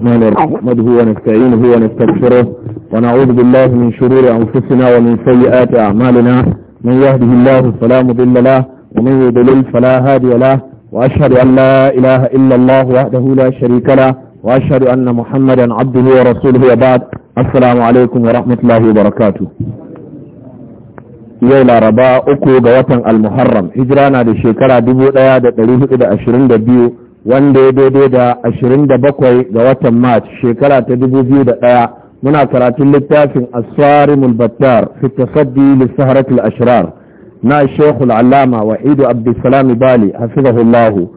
نحمده ونستعينه ونستغفره ونعوذ بالله من شرور أنفسنا ومن سيئات أعمالنا من يهده الله فلا مضل له ومن يضلل فلا هادي له وأشهد أن لا إله إلا الله وحده لا شريك له وأشهد أن محمدا عبده ورسوله وبعد السلام عليكم ورحمة الله وبركاته يا laraba أكو ga المحرم هجرانا hijira دبو da shekara dubu أشرين دبيو wanda ya daidai da ashirin da bakwai ga watan march shekara ta dubu biyu da ɗaya muna karatun littafin aswarimul battar fi tasaddi lissaharatul ashirar na shekul alama wa idu abdulsalami bali hafizahullahu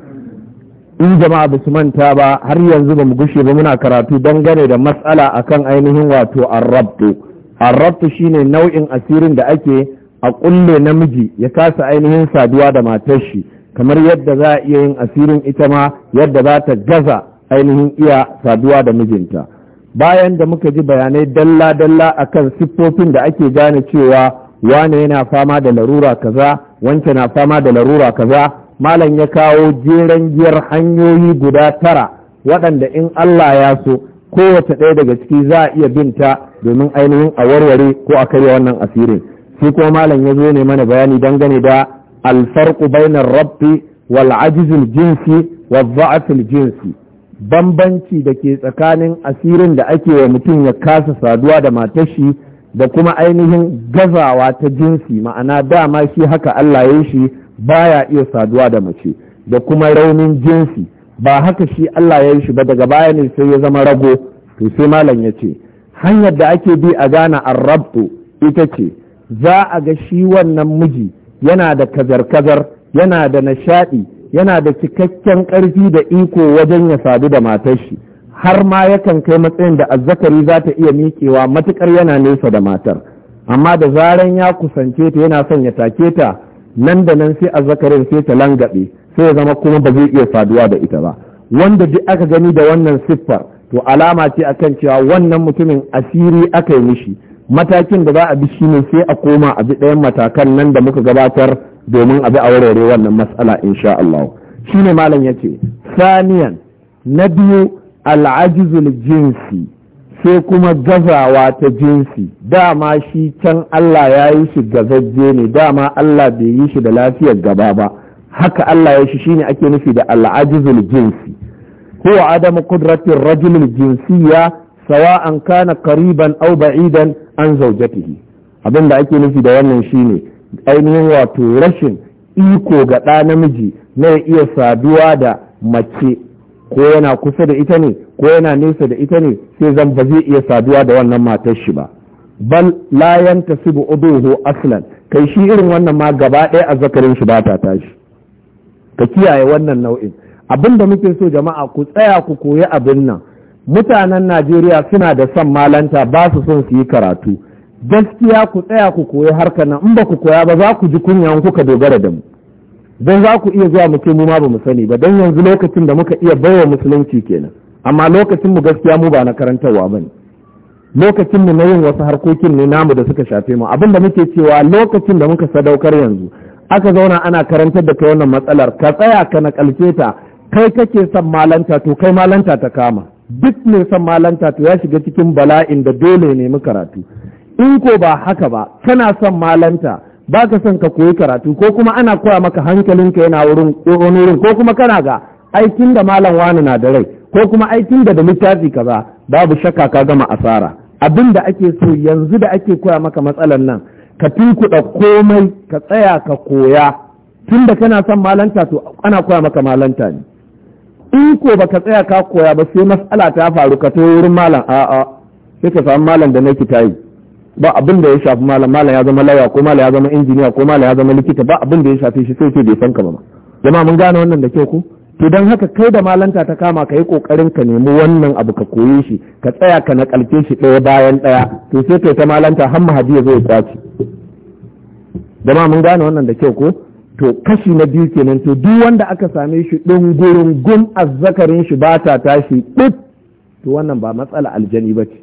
in jama'a ba su manta ba har yanzu ba mu gushe ba muna karatu dangane da matsala akan ainihin wato arrabtu arrabtu shine nau'in asirin da ake a kulle namiji ya kasa ainihin saduwa da matar shi kamar yadda za a iya yin asirin ita ma yadda za ta gaza ainihin iya saduwa da mijinta bayan da muka ji bayanai dalla-dalla akan siffofin da ake gane cewa wane yana fama da larura kaza wance na fama da larura kaza malam ya kawo jeren giyar hanyoyi guda tara waɗanda in Allah ya so kowace ɗaya daga ciki za a iya binta domin ainihin a warware ko a karya wannan asirin shi kuma malam ya zo ne mana bayani dangane da alfarku bainar rabbi wal ajizul jinsi wa za'atul jinsi bambanci da ke tsakanin asirin da ake wa mutum ya kasa saduwa da matashi da kuma ainihin gazawa ta jinsi ma'ana dama shi haka Allah ya shi baya iya saduwa da mace da kuma raunin jinsi ba haka shi Allah ya shi ba daga baya ne sai ya zama rago to sai malam ya ce hanyar da ake bi a gana arrabtu ita ce za a ga shi wannan miji yana da kazar-kazar yana da nishaɗi yana da cikakken ƙarfi da iko wajen ya sadu da matar shi har ma yakan kai matsayin da azzakari za ta iya miƙewa matuƙar yana nesa da matar amma da zaran ya kusance ta yana son ya take ta nan da nan sai azzakarin sai ta langabe sai ya zama kuma ba zai iya saduwa da ita ba wanda duk aka gani da wannan siffar to alama ce akan cewa wannan mutumin asiri aka yi mishi matakin da za a bi ne sai a koma a bi ɗayan matakan nan da muka gabatar domin a bi a warware wannan matsala insha Allah ne malam ya ce saniyan na biyu al'ajizul jinsi sai kuma gazawa ta jinsi dama shi can Allah ya yi shi gazajje ne dama Allah bai yi shi da lafiyar gaba ba haka Allah ya shi shine ake nufi da al'ajizul jinsi huwa adamu qudratir rajulil jinsiyya سواء kana قريبا او بعيدا an زوجته abin da ake nufi da wannan shine ainihin wato rashin iko ga ɗa namiji na iya saduwa da mace ko yana kusa da ita ne ko yana nesa da ita ne sai zan ba zai iya saduwa da wannan matar shi ba bal la yantasibu uduhu aslan kai shi irin wannan ma gaba ɗaya a zakarin shi ba ta tashi ka kiyaye wannan nau'in abin da muke so jama'a ku tsaya ku koyi abin nan mutanen najeriya suna da son malanta ba su son su yi karatu gaskiya ku tsaya ku koyi harkar nan in ba ku koya ba za ku ji kunya kuka dogara da mu don za ku iya zuwa mu ce mu ma ba mu sani ba don yanzu lokacin da muka iya baiwa musulunci kenan amma lokacin mu gaskiya mu ba na karantarwa ba ne lokacin mu na yin wasu harkokin ne namu da suka shafe mu abin da muke cewa lokacin da muka sadaukar yanzu aka zauna ana karantar da kai wannan matsalar ka tsaya ka nakalce ta kai kake son malanta to kai malanta ta kama duk mai son malanta to ya shiga cikin bala'in da dole ne mu karatu in ko ba haka ba kana son malanta ba ka son ka koyi karatu ko kuma ana koya maka hankalin ka yana wurin ko kuma kana ga aikin da malam wani na da rai ko kuma aikin da da littafi kaza babu shakka ka gama asara abin da ake so yanzu da ake koya maka matsalan nan ka tunkuɗa komai ka tsaya ka koya tunda kana son malanta to ana koya maka malanta ne in ko baka tsaya ka koya ba sai mas'ala ta faru ka to wurin malam a'a sai ka samu malam da nake tayi ba abin da ya shafi malam malam ya zama lawyer ko malam ya zama injiniya ko malam ya zama likita ba abin da ya shafi shi sai ce bai san ka ba jama'a mun gane wannan da kyau ko to don haka kai da malanta ta kama ka yi kokarin ka nemi wannan abu ka koye shi ka tsaya ka nakalke shi ɗaya bayan ɗaya to sai kai ta malanta har mahadi ya zo ya kwaci jama'a mun gane wannan da kyau ko to kashi na biyu kenan to duk wanda aka same shi ɗungurin gum azzakarin shi ba ta tashi ɗin, to wannan ba matsala aljani ba ce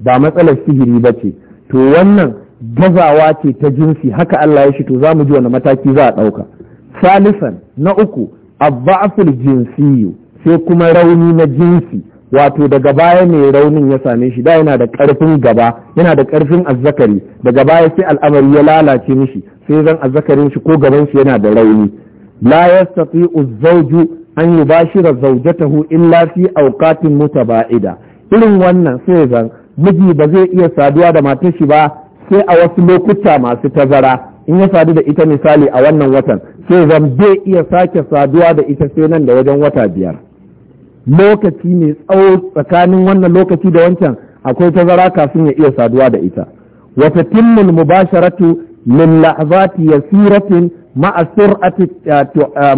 ba matsala sihiri ba ce to wannan gazawa ce ta jinsi haka Allah ya shi to za mu ji wani mataki za a ɗauka salisan na uku abba'aful jinsiyu sai kuma rauni na jinsi wato daga baya ne raunin ya same shi da yana da ƙarfin gaba yana da karfin azzakari daga baya sai al'amari ya lalace mishi sai zan azzakarin shi ko gaban shi yana da rauni la yastati'u zawju an yubashira zawjatahu illa fi awqatin mutaba'ida irin wannan sai zan miji ba zai iya saduwa da matar shi ba sai a wasu lokuta masu tazara in ya sadu da ita misali a wannan watan sai zan bai iya sake saduwa da ita sai nan da wajen wata biyar lokaci mai tsawo tsakanin wannan lokaci da wancan akwai tazara kafin ya iya saduwa da ita wata timmul mubasharatu min lahzati yasiratin ma'a sur'ati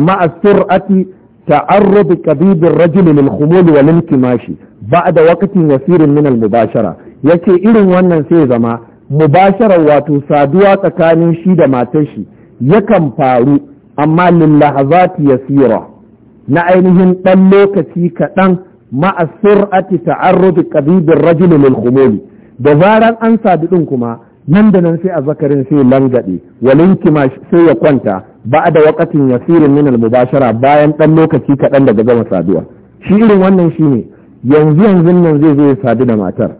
ma'a sur'ati تعرض كبيد الرجل للخمول والانكماش بعد وقت يسير من المباشرة yace irin wannan sai zama mubasharar wato saduwa tsakanin shi da matar shi yakan faru amma lillahazati yasira na ainihin ɗan lokaci kaɗan ma'a sur'ati ta'arrud qabid ar-rajul lil da zaran an sadu ɗin kuma nan da nan sai a zakarin sai langaɗe walin kimash sai ya kwanta ba da wakatin yasirin min mubashara bayan ɗan lokaci kaɗan daga gama saduwa shi irin wannan shine yanzu yanzu nan zai zo ya sadu da matar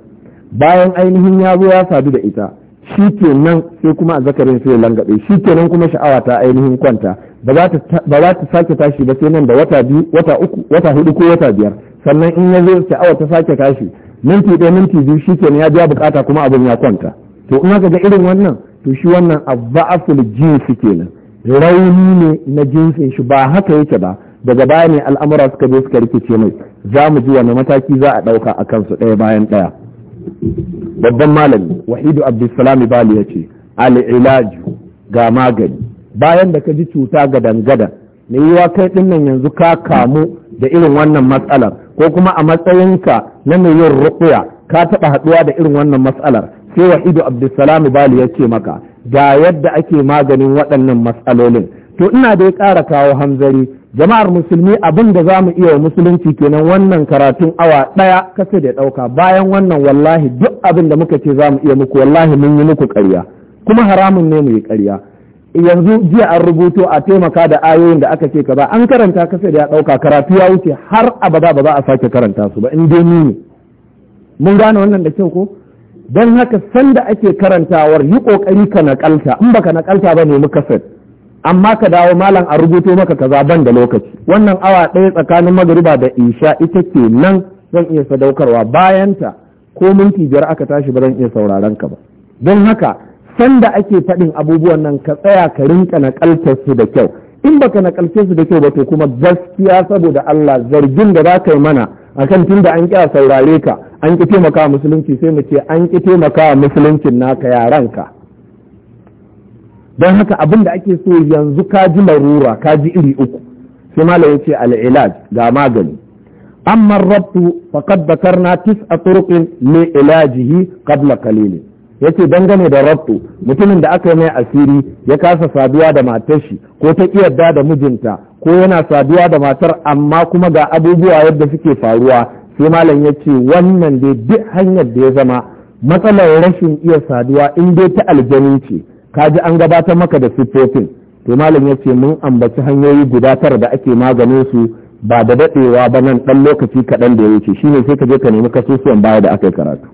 bayan ainihin ya zo ya sadu da ita shi nan sai kuma a zakarin sai ya langabe shi nan kuma sha'awa ta ainihin kwanta ba za ta sake tashi ba sai nan da wata biyu wata uku wata hudu ko wata biyar sannan in ya zo sha'awa ta sake tashi minti ɗaya minti biyu shi kenan ya biya bukata kuma abin ya kwanta to in aka ga irin wannan to shi wannan abba'aful jinsi kenan rauni ne na jinsin shi ba haka yake ba daga baya ne al'amura suka zo suka rikice mai za mu ji wani mataki za a ɗauka a kansu ɗaya bayan ɗaya babban malami wahidu abdulsalam bali ya ce al'ilaju ga magani bayan da ka ji cuta ga dangada na yiwa kai ɗin yanzu ka kamu da irin wannan matsalar ko kuma a matsayinka na mai yin rukuya ka taɓa haɗuwa da irin wannan matsalar sai ido abdulsalam bali ya ce maka ga yadda ake maganin waɗannan matsalolin to ina da ya ƙara kawo hanzari jama'ar musulmi abin da za mu iya wa musulunci kenan wannan karatun awa ɗaya kasa da ɗauka bayan wannan wallahi duk abin da muka ce za mu iya muku wallahi mun yi muku ƙarya kuma haramun ne mu yi ƙarya yanzu jiya an rubuto a taimaka da ayoyin da aka ce ka ba an karanta kasa da ya ɗauka karatu ya wuce har abada ba za a sake karanta su ba in dai ni ne mun gane wannan da kyau ko don haka sanda ake karantawar yi ƙoƙari ka naƙalta in baka naƙalta ba nemi kaset amma ka dawo malam a rubuto maka kaza ban da lokaci wannan awa ɗaya tsakanin magariba da isha ita ke nan zan iya sadaukarwa bayanta ko minti biyar aka tashi ba zan iya sauraron ka ba don haka sanda ake faɗin abubuwan nan ka tsaya ka rinka naƙaltar su da kyau in baka naƙalce su da kyau ba to kuma gaskiya saboda Allah zargin da za ka yi mana akan tun da an ƙi a saurare ka an ƙi taimaka musulunci sai mu ce an ƙi taimaka musuluncin naka yaran ka don haka abin da ake so yanzu ka ji larura ka ji iri uku sai malam ya ce al'ilaj ga magani amma rabtu faqad tis a turuqin ne ilajihi qabla qalilin yace dangane da rabtu mutumin da aka yi mai asiri ya kasa saduwa da matashi. ko ta yarda da mijinta ko yana saduwa da matar amma kuma ga abubuwa yadda suke faruwa sai malam ya ce wannan dai duk hanyar da ya zama matsalar rashin iya saduwa in dai ta aljani ce ka ji an gabatar maka da siffofin to malam ya ce mun ambaci hanyoyi guda tara da ake maganin su ba da daɗewa ba nan ɗan lokaci kaɗan da ya wuce shine sai ka je ka nemi kasusuwan baya da aka yi karatu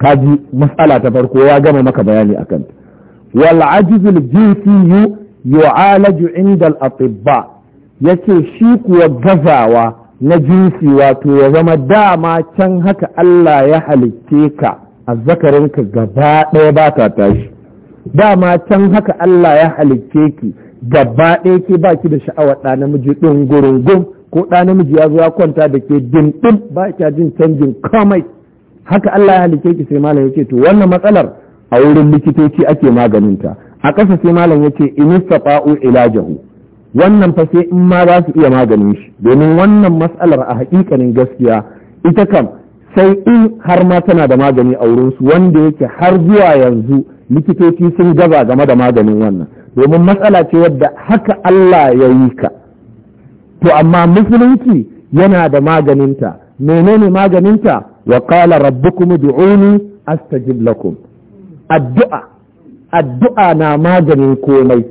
ka ji matsala ta farko ya gama maka bayani akan wal ajizul jinsiyu yu'alaju inda al-atibba yace shi kuwa gazawa na jinsi wato ya zama dama can haka Allah ya halitte ka zakarinka gaba ɗaya ba ta tashi dama can haka Allah ya halitte ki gaba ɗaya ke ba ki da sha'awar ɗa namiji ɗin gurungun ko ɗa namiji ya zo ya kwanta da ke dindin ba kya jin canjin komai haka Allah ya halitte ki sai malam yake to wannan matsalar a wurin likitoci ake maganin ta. a ƙasa sai malam ya ce in istafa'u ilajahu wannan fa sai in ma za su iya maganin shi domin wannan matsalar a hakikanin gaskiya ita kam sai in har ma tana da magani a wurinsu wanda yake har zuwa yanzu likitoci sun gaza game da maganin wannan domin matsala ce wadda haka Allah ya yi ka to amma musulunci yana da maganinta menene maganinta wa qala rabbukum ud'uni astajib lakum addu'a addu'a na maganin komai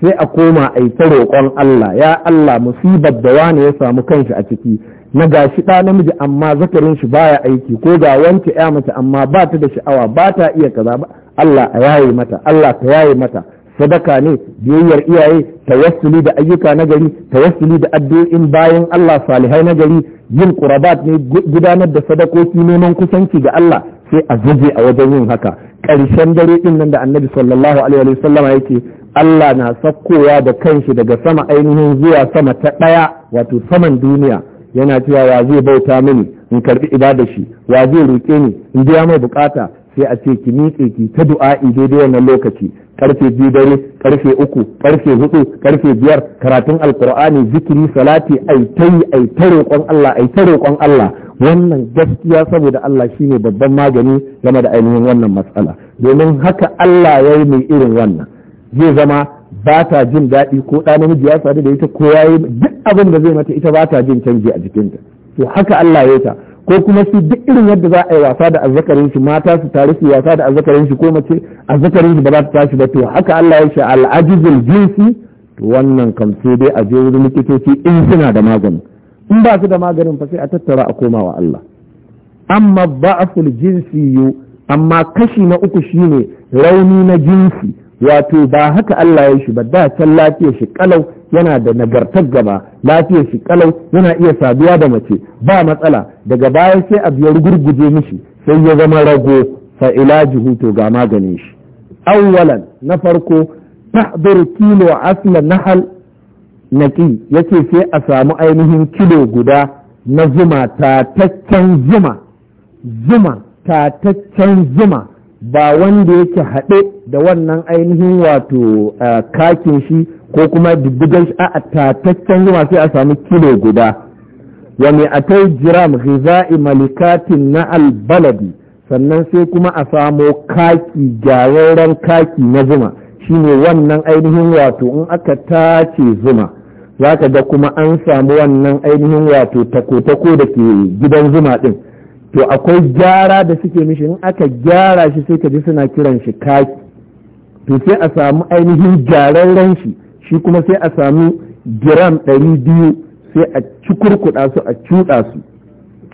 sai a koma a yi roƙon Allah ya Allah musibar da wani ya samu kanshi a ciki na ga shi ɗa namiji amma zakarin shi baya aiki ko ga wanke ya mace amma ba ta da sha'awa ba ta iya kaza ba Allah a yaye mata Allah ka yaye mata sadaka ne biyayyar iyaye tawassuli da ayyuka na gari tawassuli da addu'in bayan Allah salihai na gari yin qurabat ne gudanar da sadakoki neman kusanci ga Allah sai a zuje a wajen yin haka ƙarshen dare ɗin nan da annabi sallallahu alaihi wa sallama yake Allah na sakkowa da kanshi daga sama ainihin zuwa sama ta ɗaya wato saman duniya yana cewa wa zai bauta mini in karɓi ibada shi wa zai roƙe ni in biya mai bukata sai a ce ki miƙe ki ta du'a'i daidai wannan lokaci karfe biyu dare karfe uku karfe hudu karfe biyar karatun alkur'ani zikiri salati ai ta yi ai ta roƙon Allah ai ta roƙon Allah wannan gaskiya saboda Allah shine babban magani game da ainihin wannan matsala domin haka Allah ya yi mai irin wannan zai zama ba ta jin daɗi ko ɗa namiji ya sadu da ita ko ya yi duk abin da zai mata ita ba ta jin canji a jikinta to haka Allah ya ta ko kuma shi duk irin yadda za a yi wasa da azzakarin shi mata su tare su wasa da azzakarin shi ko mace azzakarin shi ba za ta tashi ba to haka Allah ya shi al'ajizul jinsi to wannan kam sai dai a je wurin likitoci in suna da magani in ba su da maganin fa sai a tattara a komawa Allah amma ba'ful jinsi amma kashi na uku shine rauni na jinsi wato ba haka Allah ya shi ba da can lafiyar shi kalau yana da nagartar gaba lafiyar shi kalau yana iya saduwa da mace ba matsala daga baya sai a biyar gurguje mishi sai ya zama rago fa ilajihu to ga maganin shi awwalan na farko tahdur kilo na nahal naƙi yake sai a samu ainihin kilo guda na zuma tataccen zuma zuma tataccen zuma ba wanda yake haɗe da wannan ainihin wato kakin shi ko kuma diddigan shi a tataccen zuma sai a samu kilo guda wa mai atai jiram ghiza'i malikatin na albaladi sannan sai kuma a samu kaki gyararren kaki na zuma shine wannan ainihin wato in aka tace zuma za ka ga kuma an samu wannan ainihin wato tako-tako da ke gidan zuma ɗin to akwai gyara da suke mishi in aka gyara shi sai ka ji suna kiran shi kaki to sai a samu ainihin gyararren shi shi kuma sai a samu giram ɗari biyu sai a cikurkuɗa su a cuɗa su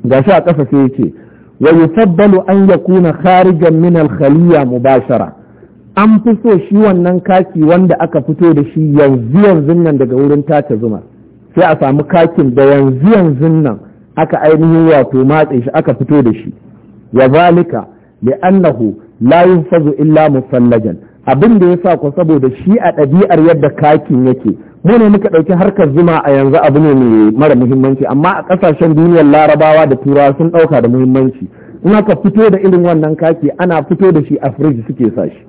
ga shi a ƙasa sai ya ce wa yusabbalu an yakuna kharijan min al-khaliya mubashara an fi so shi wannan kaki wanda aka fito da shi yanzu yanzu nan daga wurin tace zuma sai a samu kakin da yanzu yanzu nan aka ainihin wato matse shi aka fito da shi wa zalika annahu la yunfazu illa musallajan abin da yasa ku saboda shi a ɗabi'ar yadda kakin yake mu ne muka ɗauki harkar zuma a yanzu abu ne mai mara muhimmanci amma a ƙasashen duniyar larabawa da turawa sun ɗauka da muhimmanci in aka fito da irin wannan kaki ana fito da shi a firiji suke sa shi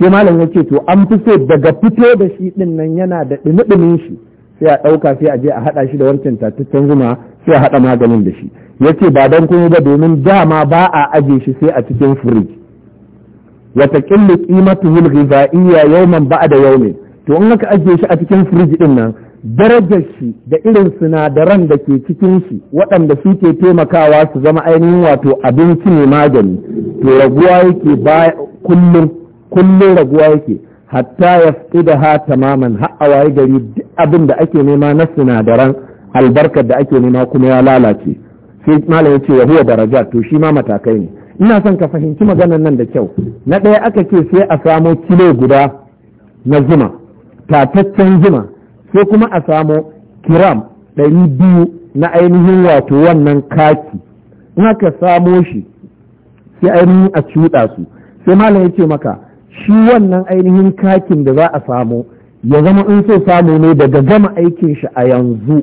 sai malam ya ce to an fi so daga fito da shi din nan yana da ɗumi shi sai a ɗauka sai a je a haɗa shi da wancan tataccen zuma sai a haɗa maganin da shi ya ce ba don kuma ba domin dama ba a aje shi sai a cikin firij wata ƙillu ƙimatuhul ghizaiya yawman ba'a da yaumin to in aka ajiye shi a cikin firij din nan darajar shi da irin sinadaran da ke cikin shi waɗanda suke taimakawa su zama ainihin wato abinci ne magani to raguwa yake kullum kullum raguwa yake hatta ya da ha tamaman ha'awa ya gari duk abin da ake nema na sinadaran albarkar da ake nema kuma ya lalace sai malam ya ce yahuwa daraja to shi ma matakai ne ina son ka fahimci maganar nan da kyau na ɗaya aka ce sai a samo kilo guda na zuma tataccen zuma sai kuma a samo kiram ɗari biyu na ainihin wato wannan kaki in aka samo shi sai ainihin a cuɗa su sai malam ya ce maka shi wannan ainihin kakin da za a samu ya zama in so samu ne daga gama aikin shi a yanzu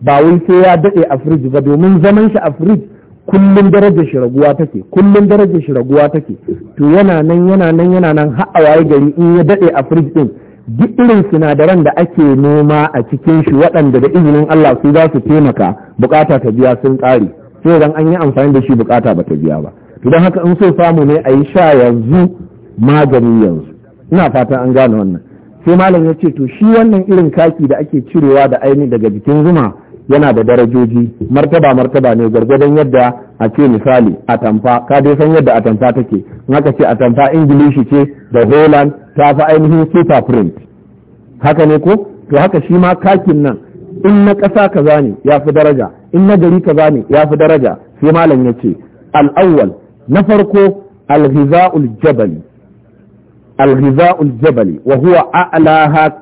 ba wai sai ya daɗe a firij ba domin zaman shi a firij kullum darajar shi raguwa take kullum darajar shi raguwa take to yana nan yana nan yana nan har a waye gari in ya daɗe a firij din duk irin sinadaran da ake noma a cikin shi waɗanda da izinin Allah su za su taimaka bukata ta biya sun ƙare sai dan an yi amfani da shi bukata ba ta biya ba to don haka in so samu ne a yi sha yanzu magani yanzu ina fatan an gane wannan sai malam ya ce to shi wannan irin kaki da ake cirewa da aini daga jikin zuma yana da darajoji martaba martaba ne gwargwadon yadda a ce misali atamfa ka dai san yadda atamfa take in aka ce atamfa ingilishi ce da holland ta fi ainihin super print haka ne ko to haka shi ma kakin nan in na ƙasa ka ne ya fi daraja in na gari ka zane ya fi daraja sai malam ya ce al'awwal na farko al-ghiza'ul jabali alghiza'ul jabali wa huwa a'laha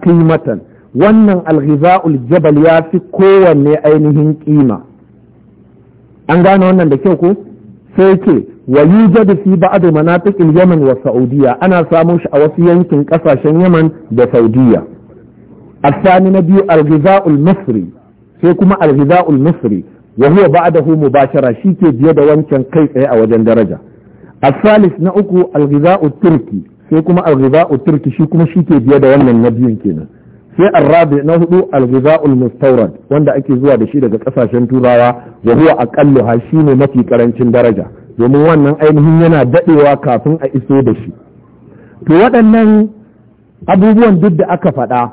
wannan alghiza'ul jabal ya fi kowanne ainihin kima an gane wannan da kyau ko sai ke wa yujadu fi ba'd manafiqil yaman wa Saudiyya? ana samun shi a wasu yankin kasashen yaman da Saudiyya. saudiya na biyu الغذاء المصري sai kuma alghida'ul misri wa huwa ba'dahu mubashara ke biye da wancan kai tsaye a wajen daraja A salis na uku alghida'ut turki sai kuma al turki shi kuma shi ke biye da wannan na biyun kenan sai al na hudu al-ghidha'ul wanda ake zuwa da shi daga kasashen turawa wa a aqallu ha ne mafi karancin daraja domin wannan ainihin yana dadewa kafin a iso da shi to waɗannan abubuwan duk da aka faɗa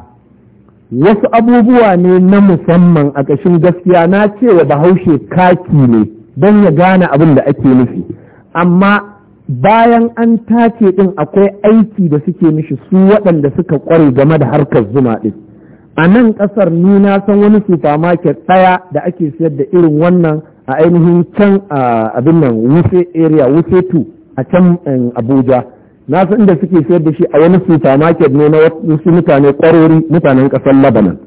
wasu abubuwa ne na musamman a ƙashin gaskiya na cewa bahaushe kaki ne don ya gane abin da ake nufi amma bayan an tace ɗin akwai aiki da suke mishi su waɗanda suka ƙware game da harkar zuma ɗin a nan ƙasar ni na san wani supermarket ɗaya da ake siyar da irin wannan a ainihin can abin nan wuse area wuse 2 a can abuja na san inda suke siyar da shi a wani supermarket ne na wasu mutane ƙwarori mutanen ƙasar labanan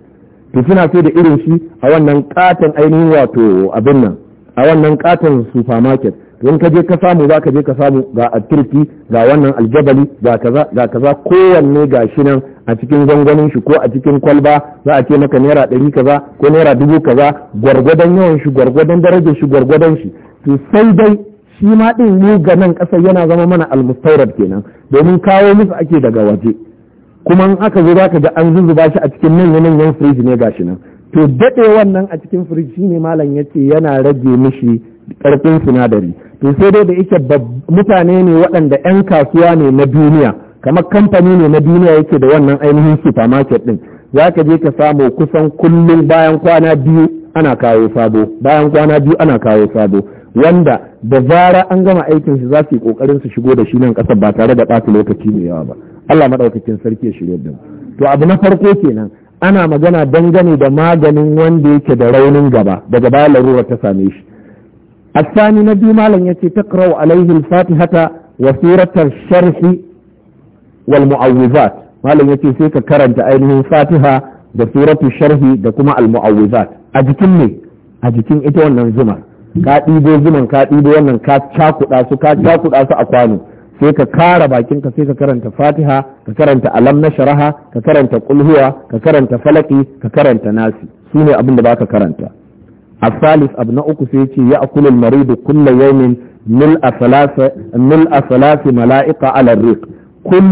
to suna sai da irin shi a wannan katon ainihin wato abin nan a wannan katon supermarket in ka je ka samu za ka je ka samu ga atirki ga wannan aljabali ga kaza kowanne ga shi nan a cikin zangonin shi ko a cikin kwalba za a ce maka naira ɗari kaza ko naira dubu kaza gwargwadon yawan shi gwargwadon darajar shi gwargwadon shi to sai dai shi ma ɗin mu ga nan ƙasa yana zama mana almustaurad kenan domin kawo musu ake daga waje kuma in aka zo za ka ga an zuzzuba shi a cikin manya-manyan firiji ne shi nan to daɗe wannan a cikin firiji shi ne malam ya ce yana rage mishi karfin sinadari to sai dai da yake mutane ne waɗanda 'yan kasuwa ne na duniya kamar kamfani ne na duniya yake da wannan ainihin supermarket din za ka je ka samu kusan kullum bayan kwana biyu ana kawo sabo bayan kwana biyu ana kawo sabo wanda da zara an gama aikin shi za su yi kokarin su shigo da shi nan kasar ba tare da ɓata lokaci mai yawa ba Allah madaukakin sarki ya shirya din to abu na farko kenan ana magana dangane da maganin wanda yake da raunin gaba daga baya larura ta same shi الثاني نبي مالا يتي تقرأ عليه الفاتحة وسورة الشرح والمعوذات مالا يتي سيك كرنت أينه الفاتحة بسورة الشرح دكما المعوذات أجتمي أجتم إتوى zuma ka ɗibo zuman ka ɗibo wannan ka cakuɗa su ka cakuɗa su a kwano sai ka kara bakinka sai ka karanta fatiha ka karanta alam na sharaha ka karanta kulhuwa ka karanta falaki ka karanta nasi su ne abin da baka karanta الثالث أبناء كسيتي يأكل المريض كل يوم ملء ثلاث ملء ثلاث ملائكة على الريق كل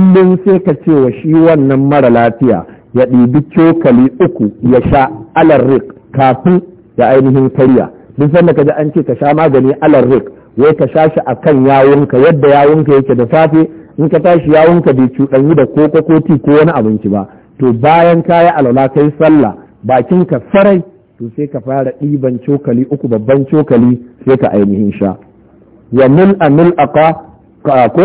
wannan mara lafiya ya ɗibi cokali uku ya sha alar rik kafin ya ainihin kariya duk sanda ka ji an ce ka sha magani alar rik wai ka sha shi akan yawunka yadda yawunka yake da safe in ka tashi yawunka bai cuɗanyi da koko ko ti ko wani abinci ba to bayan kayi alwala kai sallah bakin ka farai to sai ka fara ɗiban cokali uku babban cokali sai ka ainihin sha wa mil'a mil'aqa ko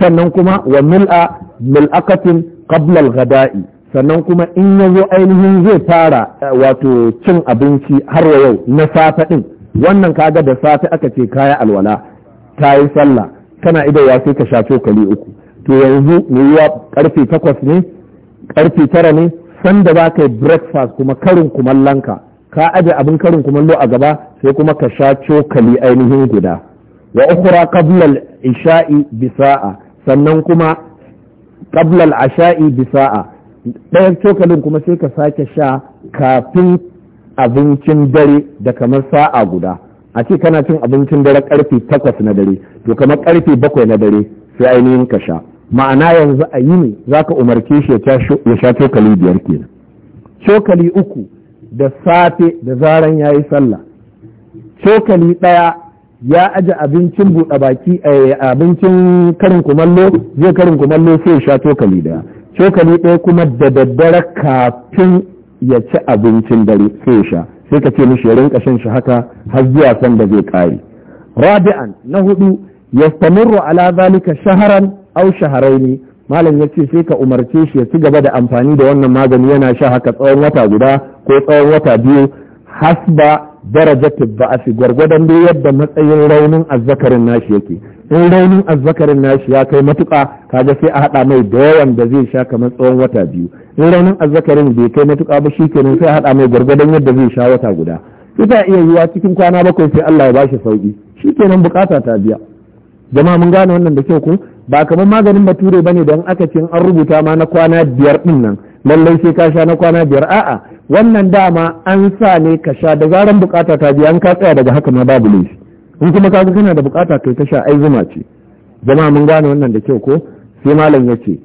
sannan kuma wa mil'a mil'aqatin qabla al gada'i sannan kuma in ya zo ainihin zai fara eh, wato cin abinci har wa yau na safe ɗin wannan kaga da safe aka ce kaya alwala ta yi sallah kana idowa sai ka sha cokali uku to yanzu wa karfe takwas ne karfe tara ne sanda ba ka yi breakfast kuma karin kumallonka ka aje abin karin kumallo a gaba sai kuma ka sha cokali ainihin guda wa ukhra qabla al-isha'i bisa'a sannan kuma qabla al-asha'i bisa'a ɗayan cokalin kuma sai ka sake sha kafin abincin dare da kamar sa'a guda a ce kana cin abincin dare karfe takwas na dare to kamar karfe bakwai na dare sai ainihin ka sha ma'ana yanzu a yi ne za ka umarce shi ya sha cokali biyar kenan cokali uku da safe da zaran ya yi sallah cokali ɗaya ya aje abincin buɗe baki a eh, abincin karin kumallo zai karin kumallo sai ya sha cokali ɗaya cokali ɗaya kuma da daddare kafin ya ci abincin dare sai ya sha sai ka ce mishi ya rinka shan shi haka har zuwa sanda zai ƙare rabi'an na hudu yastamurru ala zalika shaharan au shaharaini malam ya ce sai ka umarce shi ya ci gaba da amfani da wannan magani yana sha haka tsawon wata guda ko tsawon wata biyu hasba darajat ba'asi gwargwadon dai yadda matsayin raunin azzakarin nashi yake in raunin azzakarin nashi ya kai matuƙa kaga sai a haɗa mai da yawan da zai sha kamar tsawon wata biyu in raunin azzakarin bai kai matuka ba shi sai a haɗa mai gwargwadon yadda zai sha wata guda ita iya yiwa cikin kwana bakwai sai Allah ya bashi sauki shi kenan bukata ta biya jama mun gane wannan da kyau ko ba kamar maganin bature bane dan aka ce an rubuta ma na kwana biyar din nan lallai sai ka sha na kwana biyar a'a wannan dama an sa ne ka sha da zaran bukata ta biya an ka tsaya daga haka ma babu laifi in kuma kaga kana da bukata kai kasha sha ai zuma ce jama mun gane wannan da kyau ko sai malam yace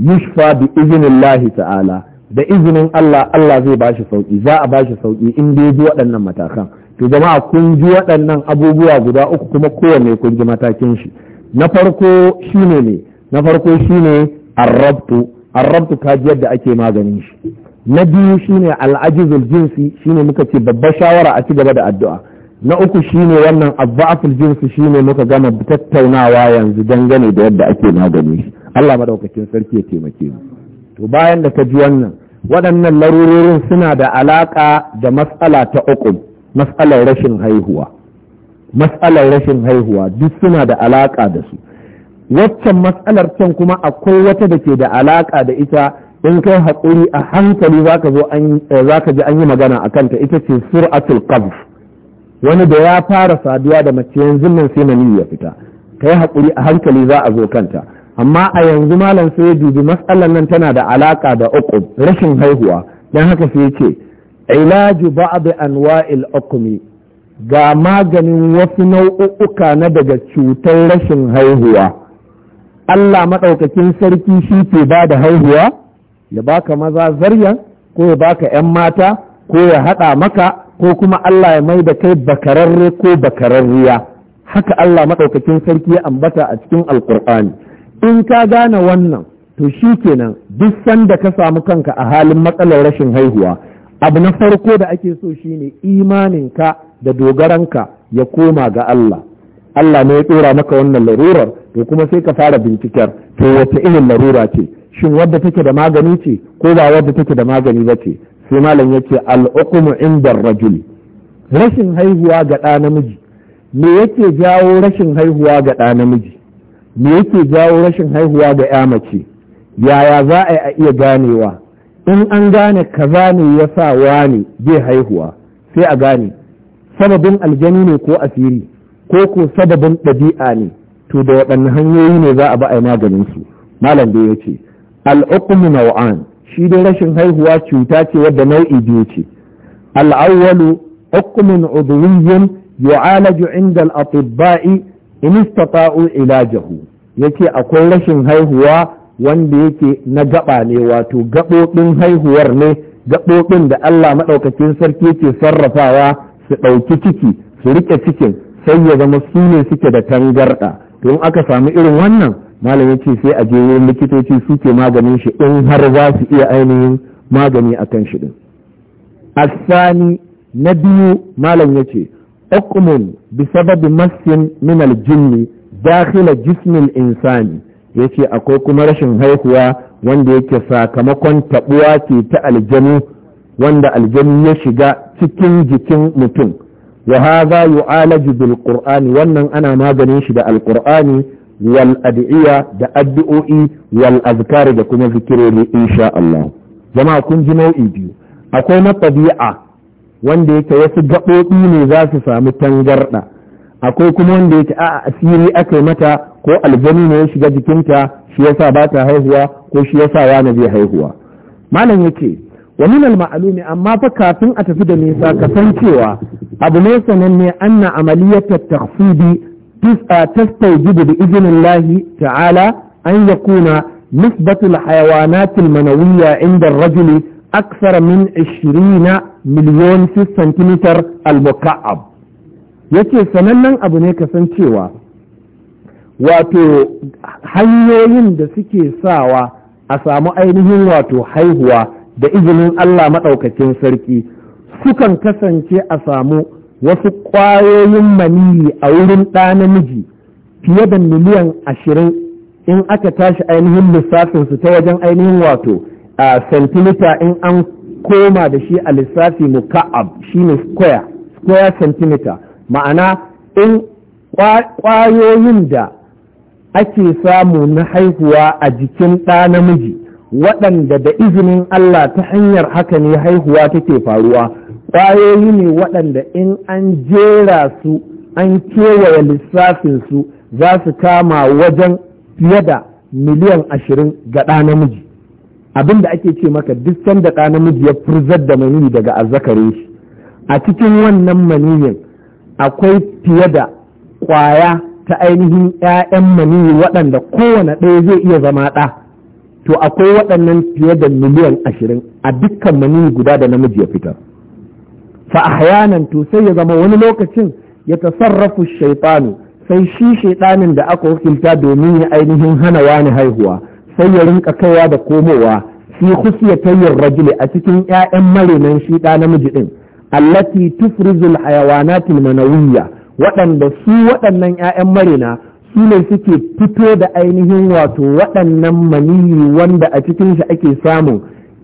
yushfa bi iznillahi ta'ala da izinin Allah Allah zai bashi sauki za a bashi sauki in dai bi waɗannan matakan to jama'a kun ji waɗannan abubuwa guda uku kuma kowanne kun ji matakin shi na farko shine ne na farko shine arrabtu arrabtu ka ji yadda ake maganin shi na biyu shine al'ajizul jinsi shine muka ce babbar shawara a ci gaba da addu'a na uku shine wannan abba'atul jinsi shine muka gama tattaunawa yanzu dangane da yadda ake maganin shi Allah madaukakin sarki ya taimake mu to bayan da ka ji wannan waɗannan larurorin suna da alaƙa da matsala ta uku matsalar rashin haihuwa matsalar rashin haihuwa duk suna da alaƙa da su waccan matsalar can kuma akwai wata da ke da alaƙa da ita in kai haƙuri a hankali za zaka eh, ji an yi magana a kanta ita ce sur'atul qabf wani da ya fara saduwa da mace yanzu nan sai maniyi ya fita kai haƙuri a hankali za a zo kanta amma a yanzu malam sai ya dubi matsalar nan tana da alaƙa da uqub rashin haihuwa dan haka sai ya ce ilaju ba'd anwa'il ukmi ga maganin wasu nau'uka na daga cutar rashin haihuwa Allah maɗaukakin sarki shi ke ba da haihuwa ya baka maza zarya ko ya baka 'yan mata ko ya haɗa maka ko kuma Allah ya mai da kai bakararre ko bakararriya haka Allah maɗaukakin sarki ya ambata a cikin alkur'ani in ka gane wannan to shi kenan duk sanda ka samu kanka a halin matsalar rashin haihuwa abu na farko da ake so shine imaninka da dogaranka ya koma ga Allah Allah ne ya tsora maka wannan larurar to kuma sai ka fara bincikar to wata irin larura ce shin wadda take da magani ce ko ba wadda take da magani ba ce sai malam yace al'ukumu inda rajul rashin haihuwa ga ɗa namiji me yake jawo rashin haihuwa ga ɗa namiji me yake jawo rashin haihuwa ga ya mace yaya za a iya ganewa in an gane kaza ne ya sa wani bai haihuwa sai a gane sababin aljani ne ko asiri ko ko sababin ɗabi'a ne to da waɗanne hanyoyi ne za a ba a yi maganin su malam da ya ce al'uqmu nau'an shi dai rashin haihuwa cuta ce wadda nau'i biyu ce al'awwalu uqmun udwiyyun yu'alaju 'inda al-atibba'i in istata'u ilajahu yake akwai rashin haihuwa wanda yake na gaba ne wato gaɓoɓin haihuwar ne gaɓoɓin da Allah maɗaukacin sarki yake sarrafawa su ɗauki ciki su riƙe cikin sai ya zama su ne suke da tangarɗa to in aka samu irin wannan malami ce sai a je wurin likitoci suke maganin shi in har za su iya ainihin magani a kan shi din asani na biyu malam ya ce ukumun bi sababi min aljinni dakhila jismin insani yace akwai kuma rashin haihuwa wanda yake sakamakon taɓuwa ce ta aljanu wanda aljanu ya shiga cikin jikin mutum wa hadha yu'alaju bil qur'ani wannan ana maganin shi da alqur'ani wal ad'iya da addu'o'i wal azkari da kuma zikirori insha Allah jama'a kun ji nau'i biyu akwai na tabi'a wanda yake wasu gaɓoɓi ne za su samu tangarɗa akwai kuma wanda yake a asiri aka mata ko aljani ne ya shiga jikinta shi yasa ba ta haihuwa ko shi yasa wani zai haihuwa malam yake wani min al amma fa kafin a tafi da nisa ka san cewa abu ne sananne anna amaliyatu takhfidi تستوجب بإذن الله تعالى أن يكون nisbatul الحيوانات المنوية عند الرجل أكثر من 20 miliyon في السنتيمتر المكعب yake sanannen abu ne kasancewa wato hanyoyin da suke sawa a samu ainihin wato haihuwa da izinin Allah maɗaukakin sarki sukan kasance a samu wasu ƙwayoyin maniyi a wurin ɗa namiji fiye da miliyan ashirin in aka tashi ainihin lissafinsu ta wajen ainihin wato a centimeter in an koma da shi a lissafi muka'ab shine square square centimeter ma'ana in ƙwayoyin da ake samu na haihuwa a jikin ɗa namiji waɗanda da izinin Allah ta hanyar haka ne haihuwa take faruwa ƙwayoyi ne waɗanda in an jera su an kewaye lissafinsu za su kama wajen fiye da miliyan ashirin ga ɗa namiji abin ake ce maka duk sanda ɗa namiji ya furzar da maniyi daga azzakare shi a cikin wannan maniyin akwai fiye da ƙwaya ta ainihin 'ya'yan maniyi waɗanda kowane ɗaya zai iya zama ɗa to akwai waɗannan fiye da miliyan ashirin a dukkan maniyi guda da namiji ya fitar fa ahyanan to sai ya zama wani lokacin ya tasarrafu shaitanu sai shi shaitanin da aka wakilta domin ya ainihin hana wani haihuwa sai ya rinka kaiwa da komowa fi khusiyatayyir ragile a cikin 'ya'yan marinan shi ɗa namiji ɗin allati tufrizul hayawanatil manawiyya waɗanda su waɗannan 'ya'yan marina su ne suke fito da ainihin wato waɗannan maniyi wanda a cikin shi ake samun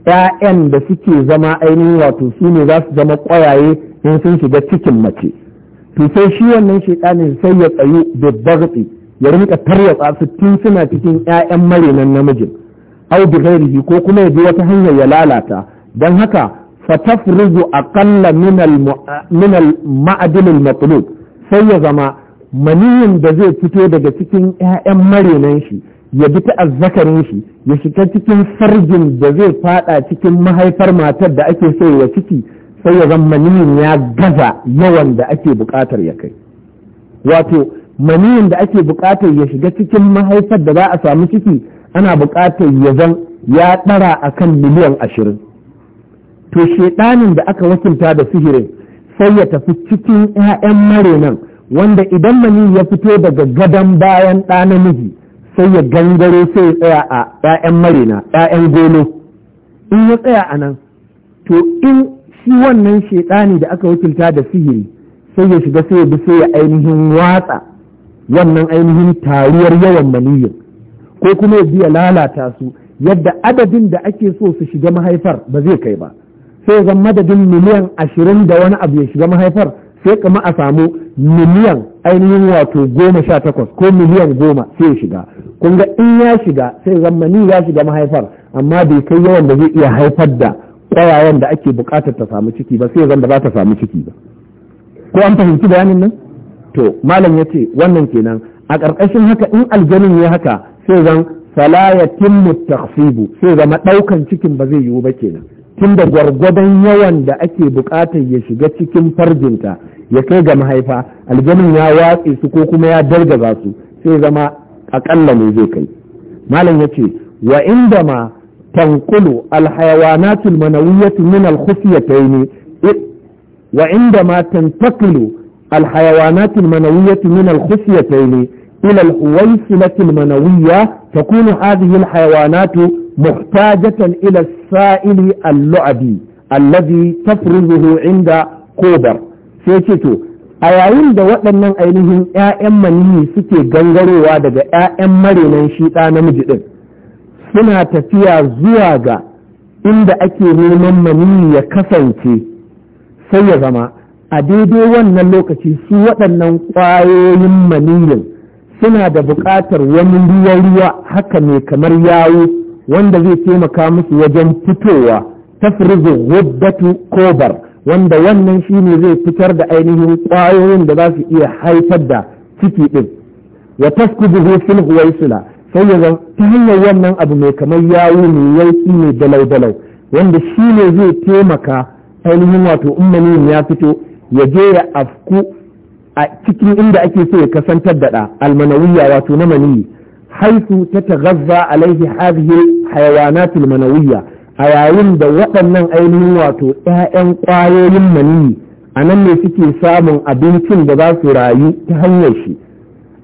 'ya'yan da suke zama ainihin wato su ne za su zama ƙwayaye in sun shiga cikin mace to sai shi wannan ne sai ya tsayu da bagtsi ya rinka tarwatsa su tun suna cikin 'ya'yan marinan namijin au bi ghairihi ko kuma ya bi wata hanyar ya lalata don haka fatafruzu aqalla min al ma'adin al matlub sai ya zama maniyin da zai fito daga cikin 'ya'yan marinan shi ya bi ta azzakarin shi ya shiga cikin sarjin da zai fada cikin mahaifar matar da ake so ya ciki sai ya zama maniyin ya gaza yawan da ake bukatar ya kai wato maniyin da ake bukatar ya shiga cikin mahaifar da za a samu ciki ana bukatar ya zan ya ɗara a kan miliyan ashirin to shedanin da aka wakilta da sihirin sai ya tafi cikin 'ya'yan marenan wanda idan mani ya fito daga gadon bayan ɗa namiji sai ya gangaro sai ya tsaya a 'ya'yan marena 'ya'yan gono in ya tsaya a nan to in shi wannan shaidani da aka wakilta da sihiri sai ya shiga sai ya bi sai ya ainihin watsa wannan ainihin taruwar yawan maniyin ko kuma ya biya lalata su yadda adadin da ake so su shiga mahaifar ba zai kai ba sai zan madadin miliyan ashirin da wani abu ya shiga mahaifar sai kama a samu miliyan ainihin wato goma sha takwas ko miliyan goma sai ya shiga kun ga in ya shiga sai mani ya shiga mahaifar amma bai kai yawan da zai iya haifar da ƙwayayen da ake buƙatar ta samu ciki ba sai zan da za ta samu ciki ba ko an fahimci bayanin nan to malam ya ce wannan kenan a ƙarƙashin haka in aljanin ya haka sai zan fala ya sai zama ɗaukan cikin ba zai yiwu ba kenan tunda da gwargwadon yawan da ake buƙatar ya shiga cikin farjinta ya kai ga mahaifa aljamin ya watse su ko kuma ya dargaza su sai zama aƙalla ne zai kai malam ya ce wa inda ma tankulu alhayawanatul manawiyyatu min alkhufiyataini wa inda ma tantakulu alhayawanatul manawiyyatu min alkhufiyataini ila alhuwaisilatil manawiyya takunu muhtajatan ila sa'ili al-lu'abi allazi tafruzuhu inda kobar sai ce to a yayin da waɗannan ainihin 'ya'yan maniyi suke gangarowa daga 'ya'yan marinan shi ɗa namiji ɗin suna tafiya zuwa ga inda ake neman maniyi ya kasance sai ya zama a daidai wannan lokaci su waɗannan ƙwayoyin maniyin suna da buƙatar wani ruwa-ruwa haka mai kamar yawo wanda zai taimaka musu wajen fitowa tafrizu guddatu kobar wanda wannan shine zai fitar da ainihin ƙwayoyin da za su iya haifar da ciki din wa taskubu fil huwaisila sai ya ta hanyar wannan abu mai kamar yawo mai yauki mai dalau-dalau wanda shine zai taimaka ainihin wato ummani ya fito ya je ya afku a cikin inda ake so ya kasantar da ɗa almanawiya wato na maniyi haisu ta tagazza alaihi hadhihi hayawanatul manawiyya a yayin da waɗannan ainihin wato 'ya'yan ƙwayoyin maniyi a nan ne suke samun abincin da za su rayu ta hanyar shi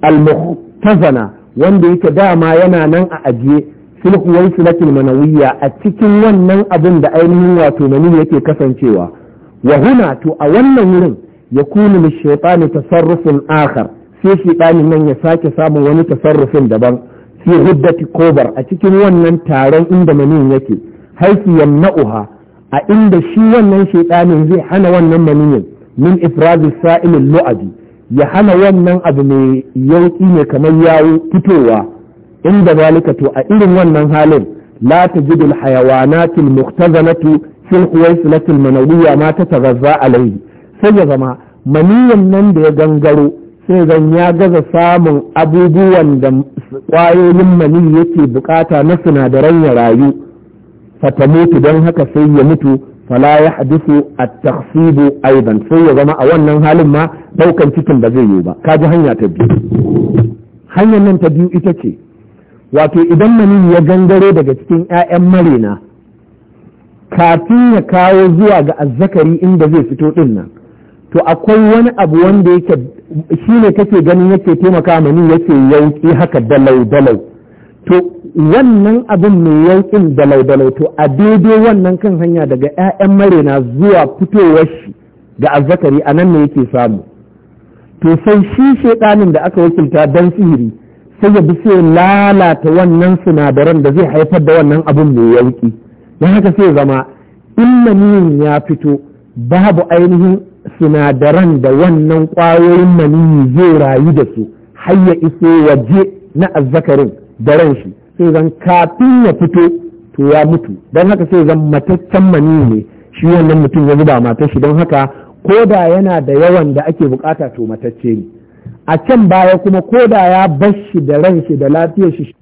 al-muhtazana wanda yake dama yana nan a ajiye sulhuwar sulatul manawiyya a cikin wannan abin da ainihin wato maniyi yake kasancewa Wahuna to a wannan wurin yakunu lishaytani tasarrufun akhar sai shiɗanin nan ya sake samun wani tasarrufin daban fi huddati kobar a cikin wannan taron inda maniyin yake haifi na'uha a inda shi wannan shiɗanin zai hana wannan maniyin min ifrazi sa'ilin Lu'adi ya hana wannan abu mai yauki ne kamar yawo fitowa inda zalika to a irin wannan halin la tajidu alhayawanatil muktazanatu fil huwaisilati almanawiyya ma tatazza alayhi sai ya zama maniyan nan da ya gangaro sai zan ya gaza samun abubuwan da kwayoyin mani yake bukata na sinadaran ya rayu fata mutu don haka sai ya mutu fala ya hadisu a taksibu aidan sai ya zama a wannan halin ma ɗaukan cikin ba zai yi ba kaji hanya ta biyu hanyar nan ta biyu ita ce wato idan mani ya gangare daga cikin 'ya'yan marina kafin ya kawo zuwa ga azzakari inda zai fito ɗin nan to akwai wani abu wanda yake shi ne kake ganin yake taimaka mani yake yauki haka dalau dalau to wannan abin mai yaukin dalau dalau to a daidai wannan kan hanya daga 'ya'yan marena zuwa fitowar shi ga azzakari a nan ne yake samu to sai shi shaidanin da aka wakilta don sihiri sai ya bi sai lalata wannan sinadaran da zai haifar da wannan abin mai yauki don haka sai zama illa ya fito babu ainihin sinadaran da wannan ƙwayoyin maniyyi zai rayu da su har ya iso waje na azzakarin da ran shi sai zan kafin ya fito to ya mutu don haka sai zan mataccen maniyyi ne shi wannan mutum ya zuba matar shi don haka ko da yana da yawan da ake bukata to matacce ne a can baya kuma ko da ya bar da ran shi da lafiyar shi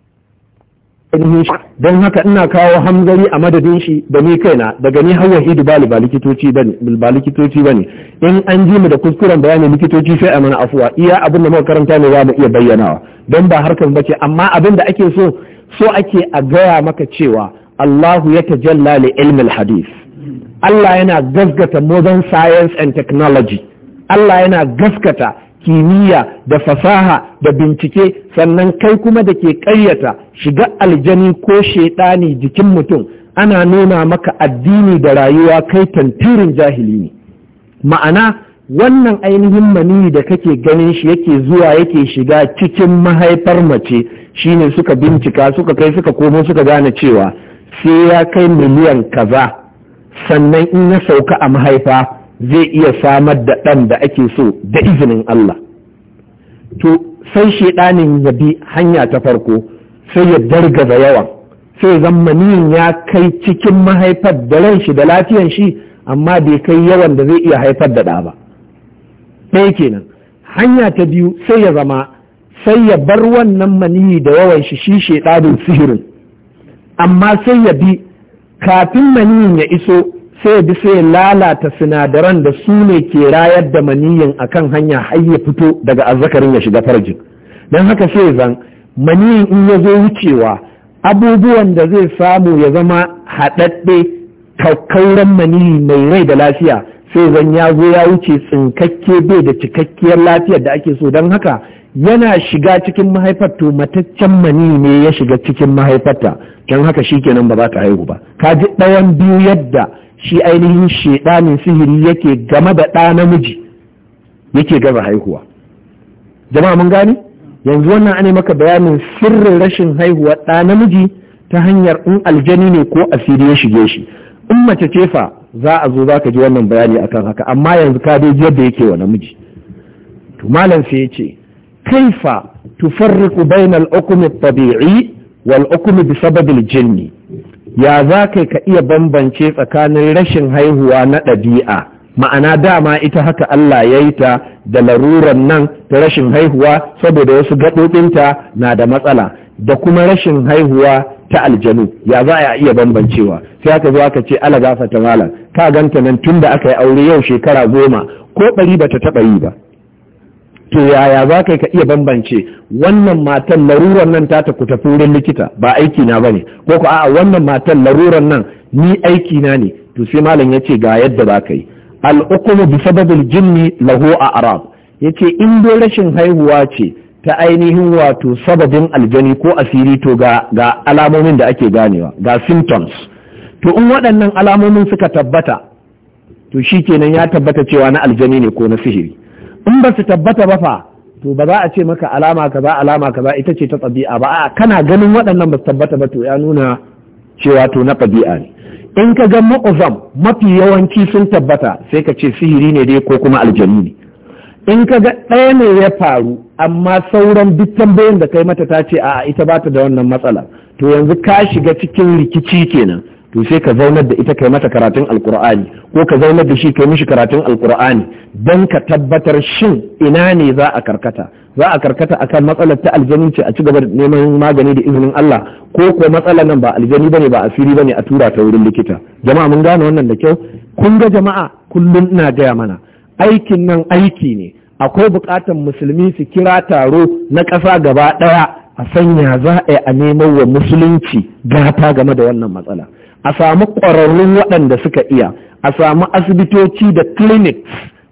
don haka ina kawo hamzari a madadin shi da ni kaina daga ni har wahidu bali ba likitoci bane ba likitoci bane in an ji mu da kuskuren bayani likitoci sai a mana afuwa iya abin da muka karanta ne za mu iya bayyanawa don ba harkar bace amma abin da ake so so ake a gaya maka cewa Allahu ya tajalla li ilmil hadith Allah yana gaskata modern science and technology Allah yana gaskata kimiyya da fasaha da bincike sannan kai kuma da ke ƙaryata shiga aljani ko shaiɗani jikin mutum ana nuna maka addini da rayuwa kai tantirin jahili ne ma'ana wannan ainihin maniyi da kake ganin shi yake zuwa yake shiga cikin mahaifar mace shine suka bincika suka kai suka komo suka gane cewa sai ya kai miliyan kaza sannan in ya sauka a mahaifa zai iya samar da ɗan da ake so da izinin Allah to sai shaidanin ya bi hanya ta farko sai ya dargaza yawan sai zammanin ya kai cikin mahaifar da ran shi da lafiyan shi amma bai kai yawan da zai iya haifar da ɗa ba ɗaya kenan hanya ta biyu sai ya zama sai ya bar wannan maniyi da yawan shi shi shaidanin sihirin amma sai ya bi kafin maniyin ya iso sai bi sai lalata sinadaran da su ne ke rayar da maniyin kan hanya har ya fito daga azzakarin ya shiga farjin don haka sai zan maniyin in ya zo wucewa abubuwan da zai samu ya zama haɗaɗɗe kakkauran maniyi mai rai da lafiya sai zan ya zo ya wuce tsinkakke bai da cikakkiyar lafiyar da ake so don haka yana shiga cikin mahaifar mataccen maniyi ne ya shiga cikin mahaifarta don haka shi kenan ba za ta haihu ba ka ji ɗayan biyu yadda shi ainihin ne sihiri yake game da ɗa namiji yake gaza haihuwa jama'a mun gani yanzu wannan ane maka bayanin sirrin rashin haihuwa ɗa namiji ta hanyar in aljani ne ko asiri ya shige shi in mace ce za a zo za ka ji wannan bayani akan haka amma yanzu ka dai yadda yake wa namiji to malam sai ya ce kaifa tufarriqu bainal hukmi at-tabi'i wal hukmi bi sababil jinni ya za kai ka iya bambance tsakanin rashin haihuwa na ɗabi'a ma'ana dama ita haka Allah ya yi ta da laruran nan ta rashin haihuwa saboda wasu gaɓoɓinta na da matsala da kuma rashin haihuwa ta aljanu ya za a iya bambancewa sai aka zo aka ce ala gafa ta malam ka ganta nan tun da aka yi aure yau shekara goma ko ɓari ba ta taɓa yi ba to yaya za ka iya bambance wannan matan laruran nan ta ku tafi wurin likita ba aiki na bane ko ko a'a wannan matan laruran nan ni aiki na ne to sai malam yace ga yadda za ka yi al-uqmu bi sababil jinni lahu a arab yace in dai rashin haihuwa ce ta ainihin wato sababin aljani ko asiri to ga ga alamomin da ake ganewa ga symptoms to in waɗannan alamomin suka tabbata to shikenan ya tabbata cewa na aljani ne ko na sihiri in ba su tabbata ba fa to ba za a ce maka alama kaza alama kaza ita ce ta tsabi'a ba a kana ganin waɗannan ba su tabbata ba to ya nuna cewa to na tsabi'a ne in ka ga mu'uzam mafi yawanci sun tabbata sai ka ce sihiri ne dai ko kuma aljanu ne in ka ga ɗaya ne ya faru amma sauran duk tambayin da kai mata ta ce a ita ba ta da wannan matsala to yanzu ka shiga cikin rikici kenan to sai ka zaunar da ita kai mata karatun alkur'ani ko ka zaunar da shi kai mishi karatun alkur'ani don ka tabbatar shin ina ne za a karkata za a karkata akan matsalar ta aljani a ci gaba da neman magani da izinin Allah ko ko matsalar nan ba aljani bane ba asiri bane a tura ta wurin likita jama'a mun gane wannan da kyau kun ga jama'a kullum ina gaya mana aikin nan aiki ne akwai bukatar musulmi su kira taro na ƙasa gaba ɗaya a sanya za a yi a neman wa musulunci gata game da wannan matsala a samu ƙwararrun waɗanda suka iya a samu asibitoci da clinics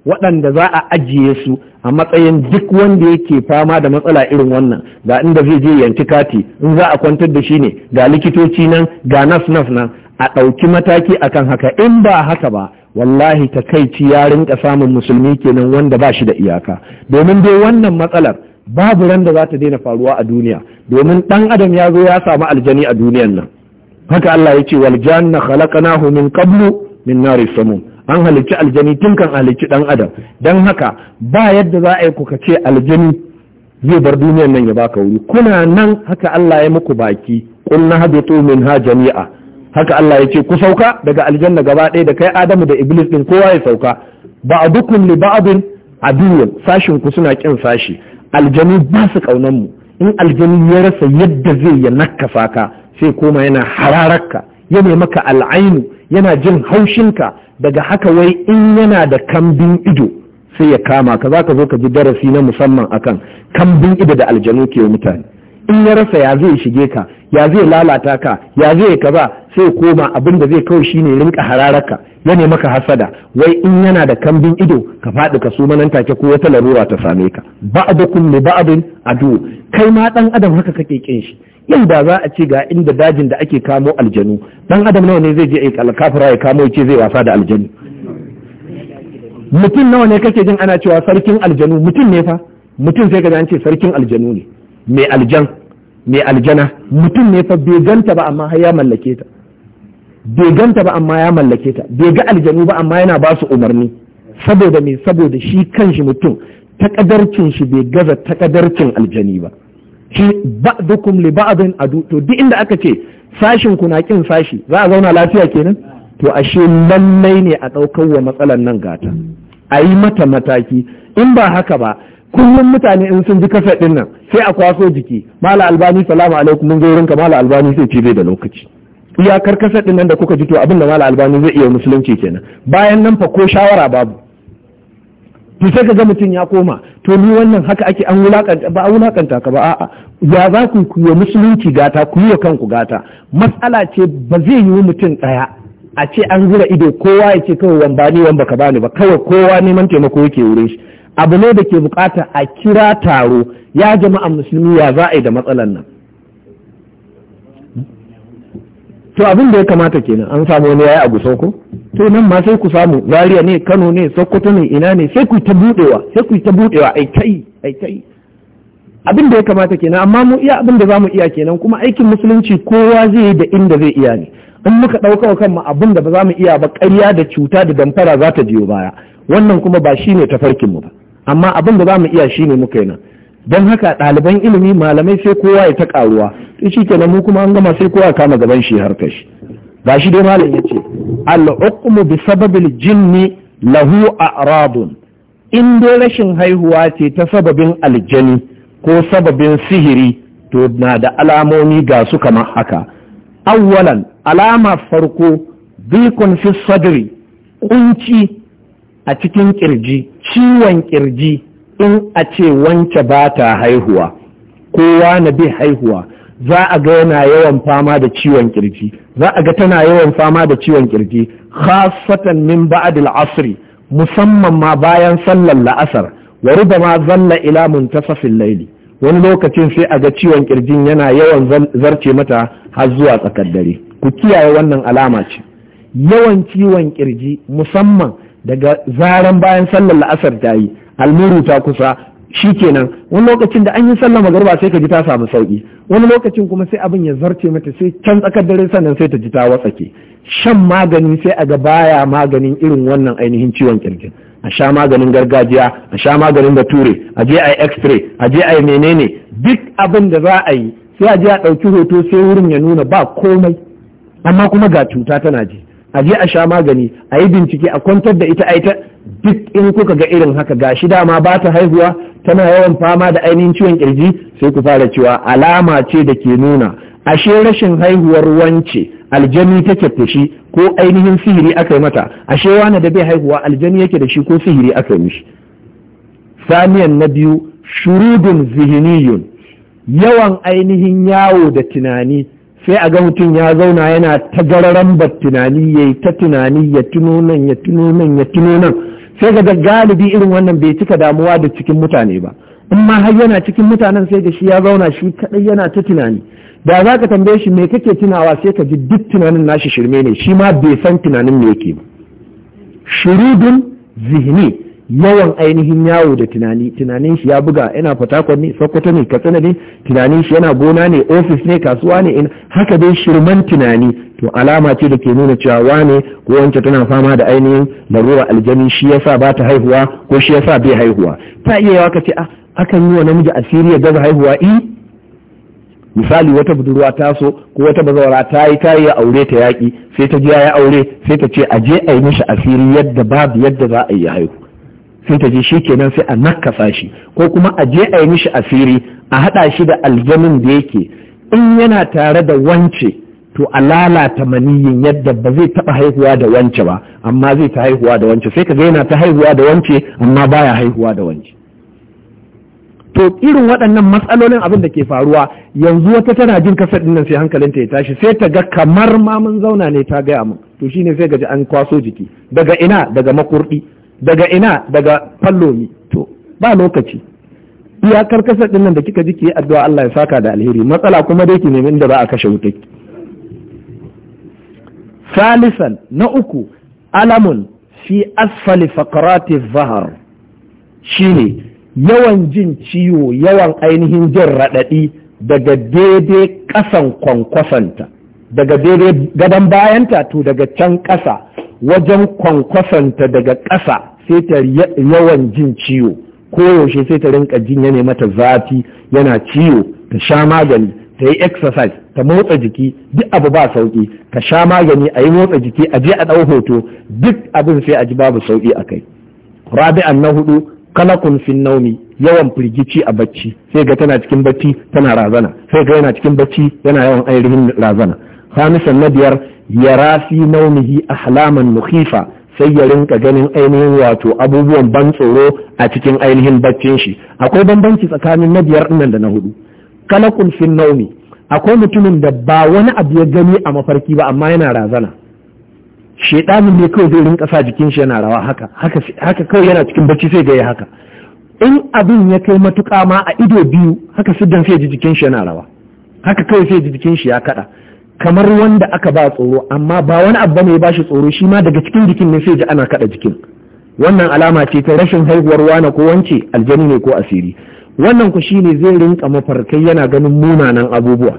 waɗanda za a ajiye su a matsayin duk wanda yake fama da matsala irin wannan ga inda zai je yanki kati in za a kwantar da shi ne ga likitoci nan ga nas nas nan a ɗauki mataki akan haka in ba haka ba wallahi takaici ya rinka samun musulmi kenan wanda ba shi da iyaka domin dai wannan matsalar babu randa da za ta daina faruwa a duniya domin ɗan adam ya zo ya samu aljani a duniyan nan haka Allah ya ce wal janna khalaqnahu min qablu min nari samum an halicci aljani tun kan halicci dan adam dan haka ba yadda za a yi kuka ce aljani zai bar duniyar nan ya baka wuri kuna nan haka Allah ya muku baki qul nahbitu minha jami'a haka Allah ya ce ku sauka daga aljanna gaba ɗaya da kai Adamu da Iblis din kowa ya sauka ba'dukum li ba'din aduwwun sashin ku suna kin sashi aljani ba su kaunan mu in aljani ya rasa yadda zai ya nakasa ka sai koma yana harararka yana maka al'ainu yana jin haushinka daga haka wai in yana da kambin ido sai ya kama ka za ka zo ka ji darasi na musamman akan kambin ido da aljanu ke mutane in ya rasa ya zai shige ka ya zai lalata ka ya zai ka ba sai koma abin da zai shi shine rinka hararaka ya ne maka hasada wai in yana da kambin ido ka faɗi ka su manan take ko wata larura ta same ka kun ne ba'din adu kai ma dan adam haka kake kin shi yau da za a ce ga inda dajin da ake kamo aljanu dan adam nawa ne zai je aikal kafira ya kamo ce zai wasa da aljanu mutum nawa ne kake jin ana cewa sarkin aljanu mutum ne fa mutum sai ka ce sarkin aljanu ne mai aljan mai aljana mutum ne fa bai ganta ba amma har ya mallake ta bai ganta ba amma ya mallake ta bai ga aljanu ba amma yana ba su umarni saboda me saboda shi kanshi mutum takadarcin shi bai gaza takadarcin aljani ba shi ba'dukum li ba'din adu to duk inda aka ce sashin ku na kin sashi za a zauna lafiya kenan to ashe lallai ne a ɗaukar wa matsalar nan gata a yi mata mataki in ba haka ba kullum mutane in sun ji kasa din nan sai a kwaso jiki mala albani salamu alaikum mun zo wurinka mala albani sai ce bai da lokaci iyakar kasa din nan da kuka ji to abin da mala albani zai iya musulunci kenan bayan nan fa ko shawara babu to sai ga mutum ya koma to ni wannan haka ake an wulakanta ba a wulakanta ka ba a'a ya za ku yi musulunci gata ku yi wa kanku gata matsala ce ba zai yi mutum ɗaya a ce an zura ido kowa ya ce kawai wambani wamba ka bani ba kawai kowa neman taimako yake wurin shi abu ne da ke bukata a kira taro ya jama'a musulmi ya za a yi da matsalan nan to abin da ya kamata kenan an samu wani yayi abu ko to nan ma sai ku samu zaria ne kano ne sokoto ne ina ne sai ku ta budewa sai ku ta budewa ai kai ai kai abin da ya kamata kenan amma mu iya abin da zamu iya kenan kuma aikin musulunci kowa zai yi da inda zai iya ne in muka ɗauka kanmu abin da ba za mu iya ba ƙarya da cuta da damfara za ta biyo baya wannan kuma ba shine tafarkinmu ba amma abin da za mu iya shi ne muka yana don haka ɗaliban ilimi malamai sai kowa ya ta ƙaruwa to shi kenan mu kuma an gama sai kowa kama gaban shi har kashi ga shi dai malam ya ce al'uqmu bi sababil jinni lahu a in dai rashin haihuwa ce ta sababin aljani ko sababin sihiri to na da alamomi ga su kamar haka awwalan alama farko bikon fi sadri kunci a cikin kirji ciwon kirji in a ce wance ba ta haihuwa kowa na bi haihuwa za a ga yana yawan fama da ciwon kirji za a ga tana yawan fama da ciwon kirji khasatan min ba'dil asri musamman ma bayan sallar la'asar wa rubama zalla ila muntasafil laili wani lokacin sai a ga ciwon kirjin yana yawan zarce mata har zuwa tsakar dare ku kiyaye wannan alama ce yawan ciwon kirji musamman daga zaren bayan sallar la'asar ta yi almuru ta kusa shi kenan wani lokacin da an yi sallar magarba sai ka ji ta samu sauki wani lokacin kuma sai abin ya zarce mata sai can tsakar dare sannan sai ta ji ta watsake shan magani sai a ga baya maganin irin wannan ainihin ciwon kirjin a sha maganin gargajiya a sha maganin bature a je a yi x-ray a je a yi menene duk abin da za a yi sai a je a ɗauki hoto sai wurin ya nuna ba komai amma kuma ga cuta tana ji a je a sha magani a yi bincike a kwantar da ita aita duk in kuka ga irin haka Ga shi dama ba ta haihuwa tana yawan fama da ainihin ciwon kirji sai ku fara cewa alama ce da ke nuna ashe rashin haihuwar wance aljani take fushi ko ainihin sihiri aka yi mata ashe wani da bai haihuwa aljani yake da shi ko sihiri aka yi mishi saniyan na biyu shurudun zihiniyun yawan ainihin yawo da tunani sai a ga mutum ya zauna yana ta gararan ba tunani ya ta tunani ya tuno nan ya tuno nan ya tuno nan sai ga galibi irin wannan bai cika damuwa da cikin mutane ba in ma har yana cikin mutanen sai da shi ya zauna shi kadai yana ta tunani da za ka tambaye shi me kake tunawa sai ka ji duk tunanin nashi shirme ne shi ma bai san tunanin me yake ba shurudun zihni yawan ainihin yawo da tunani tunanin shi ya buga yana fatakon ne sokoto ne katsina ne tunanin shi yana gona ne ofis ne kasuwa ne in haka dai shirman tunani to alama ce da ke nuna cewa ne ko wance tana fama da ainihin larura aljani shi yasa ba ta haihuwa ko shi yasa bai haihuwa ta iya yawa ka ce a ah, akan yi wa namiji asiri ya gaza haihuwa i misali wata budurwa ta so ko wata bazawara ta yi ta yi aure ta yaƙi sai ta je ya aure sai ta ce a je a yi mishi asiri yadda babu yadda za a yi haihu Sai ta je shi kenan sai a nakasa shi ko kuma a je a yi mishi asiri a haɗa shi da aljanun da yake in yana tare da wance to a lalata maniyin yadda ba zai taɓa haihuwa da wance ba amma zai ta haihuwa da wance sai ka ga yana ta haihuwa da wance amma baya haihuwa da wance to irin waɗannan matsalolin abin da ke faruwa yanzu wata tana jin kasar ɗin sai hankalinta ya tashi sai ta ga kamar ma mun zauna ne ta gaya mun to shine sai gaji an kwaso jiki daga ina daga makurdi daga ina daga fallomi to ba lokaci iyakar kasar din da kika ji ki addu'a Allah ya saka da alheri matsala kuma dai ki nemi inda ba a kashe wuta salisan na uku alamun fi asfali fakarati zahar shine yawan jin ciwo yawan ainihin jin raɗaɗi daga daidai ƙasan kwankwasanta daga daidai gadon bayanta to daga can ƙasa wajen kwankwasanta daga ƙasa sai ta yawan jin ciwo koyaushe sai ta rinka jin ya mata zafi yana ciwo ta sha magani ta yi exercise ta motsa jiki duk abu ba sauki ka sha magani a yi motsa jiki a je a ɗau hoto duk abin sai a ji babu sauki a kai rabi'an na hudu kalakun fin nauni, yawan firgici a bacci sai ga tana cikin bacci tana razana sai ga yana cikin bacci yana yawan ainihin razana hamisan na biyar rafi fi a halaman nukhifa sai ya rinka ganin ainihin wato abubuwan ban tsoro a cikin ainihin baccin shi akwai bambanci tsakanin na biyar nan da na hudu Kala kulfin naumi akwai mutumin da ba wani abu ya gani a mafarki ba amma yana razana shedanin ne kawai zai rinka sa jikin shi yana rawa haka haka kawai yana cikin bacci sai ga ya haka in abin ya kai matuƙa ma a ido biyu haka siddan sai ji jikin shi yana rawa haka kawai sai ji jikin shi ya kada kamar wanda aka ba tsoro amma ba wani abu ne ya bashi tsoro shi ma daga cikin jikin ne sai ji ana kada jikin wannan alama ce ta rashin haihuwar wana ko wance aljani ne ko asiri wannan ku shine zai rinka mafarkai yana ganin munanan abubuwa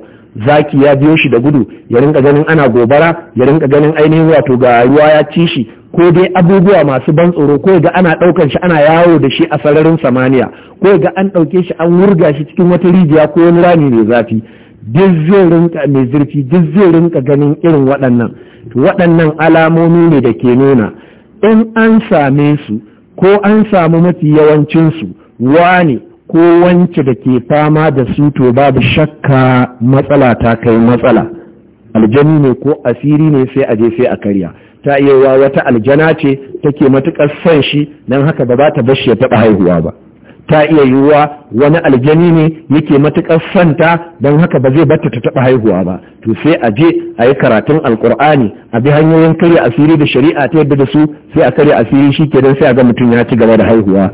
zaki ya biyo shi da gudu ya rinka ganin ana gobara ya rinka ganin ainihin wato ga ruwa ya ci shi ko dai abubuwa masu ban tsoro ko ga ana ɗaukar shi ana yawo da shi a sararin samaniya ko ga an ɗauke shi an wurga shi cikin wata rijiya ko wani rami mai zafi duk zai rinka mai zurfi duk zai rinka ganin irin waɗannan waɗannan alamomi ne da ke nuna in an same su ko an samu mafi yawancinsu wane ko wance da ke fama da su to babu shakka matsala ta kai matsala aljani ne ko asiri ne sai a je sai a karya ta iya wata aljana ce take matukar son shi don haka ba za ta bashi ya taɓa haihuwa ba ta iya yiwuwa wani aljani ne yake matukar santa don haka ba zai barta ta taba haihuwa ba to sai a je a yi karatun alkur'ani a bi hanyoyin karya asiri da shari'a ta yadda da su sai a karya asiri shi kenan sai a ga mutum ya ci gaba da haihuwa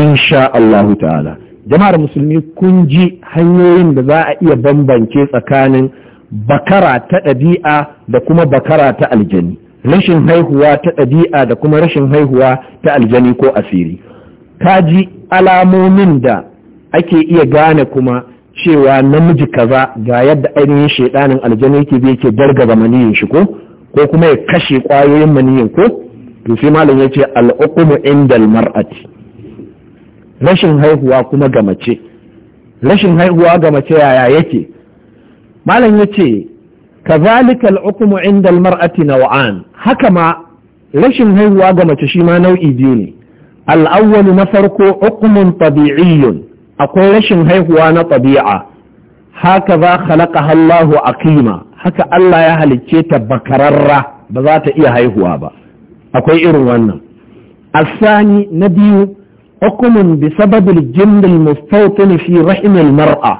insha Allah ta'ala jama'ar musulmi kun ji hanyoyin da za a iya bambance tsakanin bakara ta ɗabi'a da kuma bakara ta aljani rashin haihuwa ta ɗabi'a da kuma rashin haihuwa ta aljani ko asiri ji alamomin da ake iya gane kuma cewa namiji kaza ga yadda ainihin shaidanin aljanu yake bi yake gargaza maniyin shi ko ko kuma ya kashe kwayoyin maniyin ko to sai malam yace al-uqmu indal mar'ati rashin haihuwa kuma ga mace rashin haihuwa ga mace yaya yake malam yace kazalika al-uqmu indal mar'ati naw'an haka ma rashin haihuwa ga mace shi ma nau'i biyu ne al'awwal na farko hukumun tabi'iyyun akwai rashin haihuwa na tabi'a haka za khalaqa Allahu akima haka Allah ya halicce ta bakararra ba za ta iya haihuwa ba akwai irin wannan asani na biyu hukumun bi sababil jindil mustawtin fi rahimil mar'a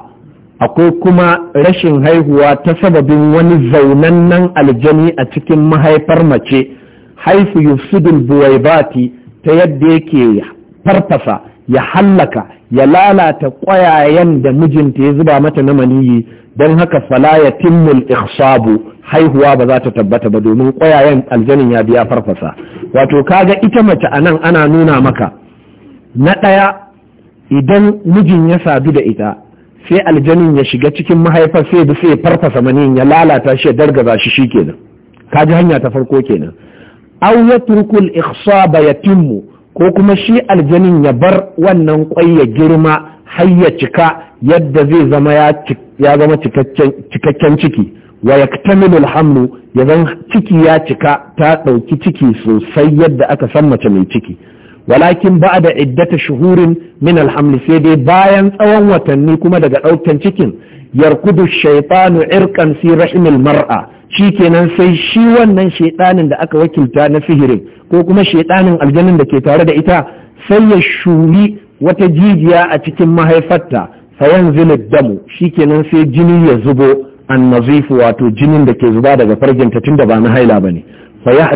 akwai kuma rashin haihuwa ta sababin wani zaunannen aljani a cikin mahaifar mace haifu yufsidul buwaibati ta yadda yake farfasa ya hallaka ya lalata ƙwayayen da mijinta ya zuba mata na maniyi don haka fala ya timmul ikhsabu haihuwa ba za ta tabbata ba domin ƙwayayen aljanin ya biya farfasa wato kaga ita mace a nan ana nuna maka na ɗaya idan mijin ya sadu da ita sai aljanin ya shiga cikin mahaifar sai bi sai farfasa maniyin ya lalata shi ya dargaza shi kenan kaji hanya ta farko kenan aw yatruku al-ikhsaba yatimmu ko kuma shi aljanin ya bar wannan kwai ya girma har ya cika yadda zai zama ya zama cikakken ciki wa yaktamilu alhamlu ya ciki ya cika ta ɗauki ciki sosai yadda aka san mace mai ciki walakin ba da iddata shuhurin min alhamli sai dai bayan tsawon watanni kuma daga ɗaukan cikin yarkudu shaitanu irkan si rahimil mar'a shi kenan sai shi wannan shaidanin da aka wakilta na sihirin ko kuma shaidanin aljanin da ke tare da ita sai ya shuri wata jijiya a cikin mahaifarta Sayan zilid damu shi kenan sai jini ya zubo an nazifu wato jinin da ke zuba daga farginta tun da ba na haila ba ne faya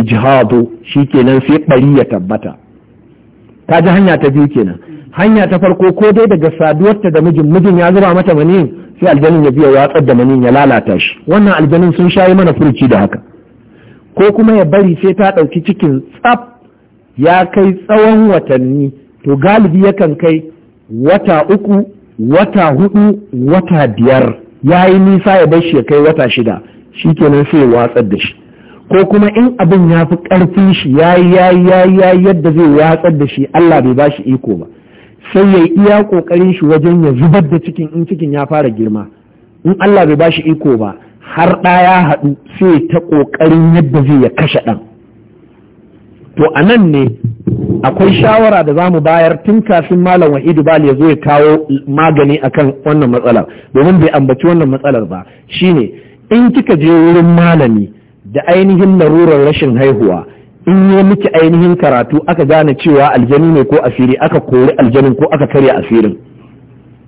ijhadu shi kenan sai bari ya tabbata ta ji hanya ta biyu kenan hanya ta farko ko dai daga saduwarta da mijin mijin ya zuba mata mani sai aljanin ya biya watsar da mani ya lalata shi wannan aljanin sun shayi mana furci da haka ko kuma ya bari sai ta ɗauki cikin tsaf ya kai tsawon watanni to galibi yakan kai wata uku wata hudu wata biyar ya yi nisa ya bar shi ya kai wata shida shi kenan sai ya watsar da shi ko kuma in abin ya fi ƙarfin shi yayi yayi ya yadda zai watsar da shi Allah bai ba shi iko ba sai ya yi iya kokarin shi wajen ya zubar da cikin in cikin ya fara girma in Allah bai bashi iko ba har ɗa ya haɗu sai ta kokarin yadda zai ya kashe ɗan to a nan ne akwai shawara da zamu bayar tun kafin malam wahidu bali ya zo ya kawo magani akan wannan matsalar domin bai ambaci wannan matsalar ba shine in kika je wurin malami da ainihin larurar rashin haihuwa in yi miki ainihin karatu aka gane cewa aljani ne ko asiri aka kori aljanin ko aka karya asirin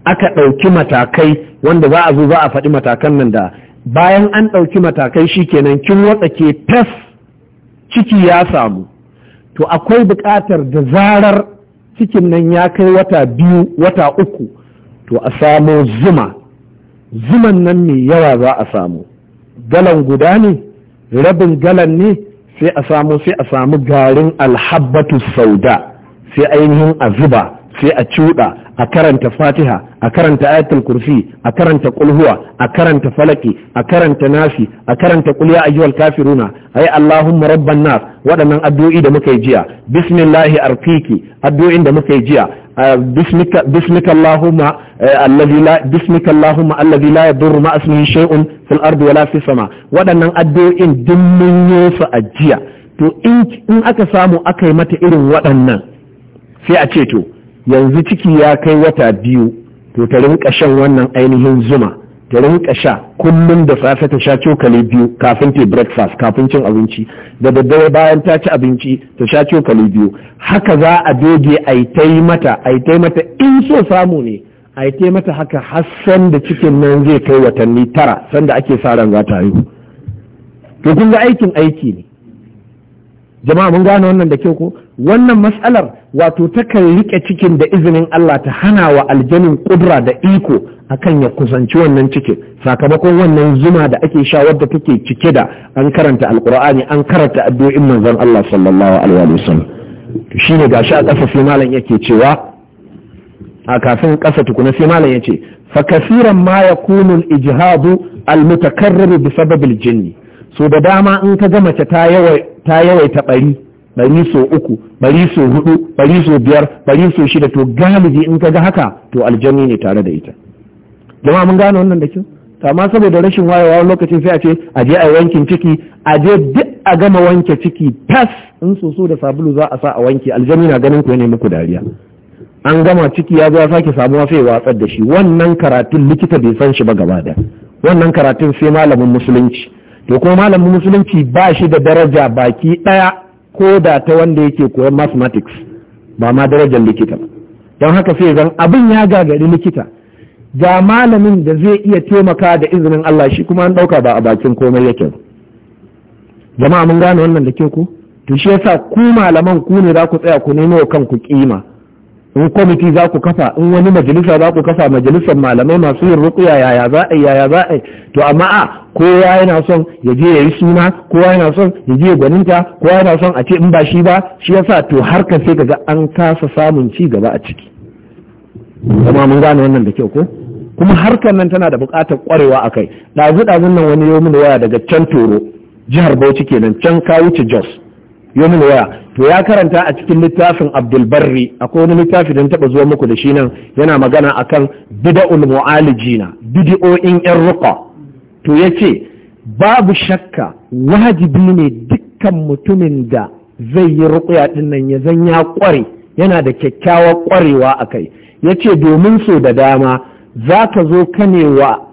aka ɗauki matakai wanda za a zo za a faɗi matakan nan da bayan an ɗauki matakai shi kenan kin ke fes ciki ya samu to akwai buƙatar da zarar cikin nan ya kai wata biyu wata uku to a samo zuma zuman nan mai yawa za a samu galan guda ne rabin galan ne sai a samu sai a samu garin alhabbatu sauda sai ainihin a zuba sai a cuɗa a karanta fatiha a karanta ayatul kursi a karanta kulhuwa a karanta falaki a karanta nafi a karanta qul ya ayyuhal kafiruna ay allahumma rabban nas waɗannan addu'o'i da muka yi jiya bismillahi arqiki addu'o'in da muka yi jiya bismika bismika allahumma eh, alladhi la bismika allahumma alladhi la yadurru ma ismihi shay'un fil waɗannan addu'o'in duk mun yi su a jiya to in aka samu aka yi mata irin waɗannan sai a ce to yanzu ciki ya kai wata biyu to ta rinka shan wannan ainihin zuma ta rinka sha kullum da safe ta sha cokali biyu kafin ta breakfast kafin cin abinci da daddare bayan ta ci abinci ta sha cokali biyu haka za a doge aitai mata yi mata in so samu ne a yi mata haka hassan da cikin nan zai kai watanni tara sanda ake sa ran za ta haihu to kun ga aikin aiki ne jama'a mun gane wannan da kyau ko wannan matsalar wato takan rike cikin da izinin Allah ta hana wa aljanin kudura da iko akan ya kusanci wannan cikin sakamakon wannan zuma da ake sha wadda take cike da an karanta alkur'ani an karanta addu'o'in manzon Allah sallallahu alaihi wasallam shine gashi a ƙasa sai malam yake cewa a kafin ƙasa tukuna sai malam yace fa kasiran ma yakunu al-ijhadu al-mutakarrir bi sababil jinni so da dama in ka ga mace ta yawaita bari bari so uku bari so hudu bari so biyar bari so shida to galibi in ka ga haka to aljanni ne tare da ita jama'a mun gane wannan da kyau amma saboda rashin wayewa lokacin sai a ce a je a wankin ciki a je duk a gama wanke ciki tas in soso da sabulu za a sa a wanke aljanni na ganin ku ne muku dariya an gama ciki ya zo ya sake samuwa sai watsar da shi wannan karatun likita bai san shi ba gaba da wannan karatun sai malamin musulunci to kuma malamin musulunci ba shi da daraja baki ɗaya ko da ta wanda yake koyan mathematics ba ma darajar likita don haka sai zan abin ya gagari likita ga malamin da zai iya taimaka da izinin Allah shi kuma an ɗauka ba a bakin komai yake jama'a mun gane wannan da ke ku to shi yasa ku malaman ku ne za ku tsaya ku nemo kanku kima in kwamiti za ku kafa in wani majalisa za ku kafa majalisar malamai masu yin rukuya yaya za a yaya za a to amma a kowa yana son ya je ya yi suna kowa yana son ya je gwaninta kowa yana son a ce in ba shi ba shi yasa to harkar sai kaga an kasa samun ci gaba a ciki kuma mun gane wannan da kyau ko kuma harkar nan tana da buƙatar kwarewa a kai ɗazu ɗazun nan wani yau mun waya daga can toro jihar bauchi kenan can ka wuce jos yomin waya to ya karanta a cikin littafin abdulbarri akwai wani littafi don taba zuwa muku da shi nan yana magana akan bida'ul mu'alijina bidi'o'in yan ruqa to yace babu shakka wajibi ne dukkan mutumin da zai yi ruqya din nan ya zan ya kware yana da kyakkyawar kwarewa akai yace domin so da dama zaka zo kanewa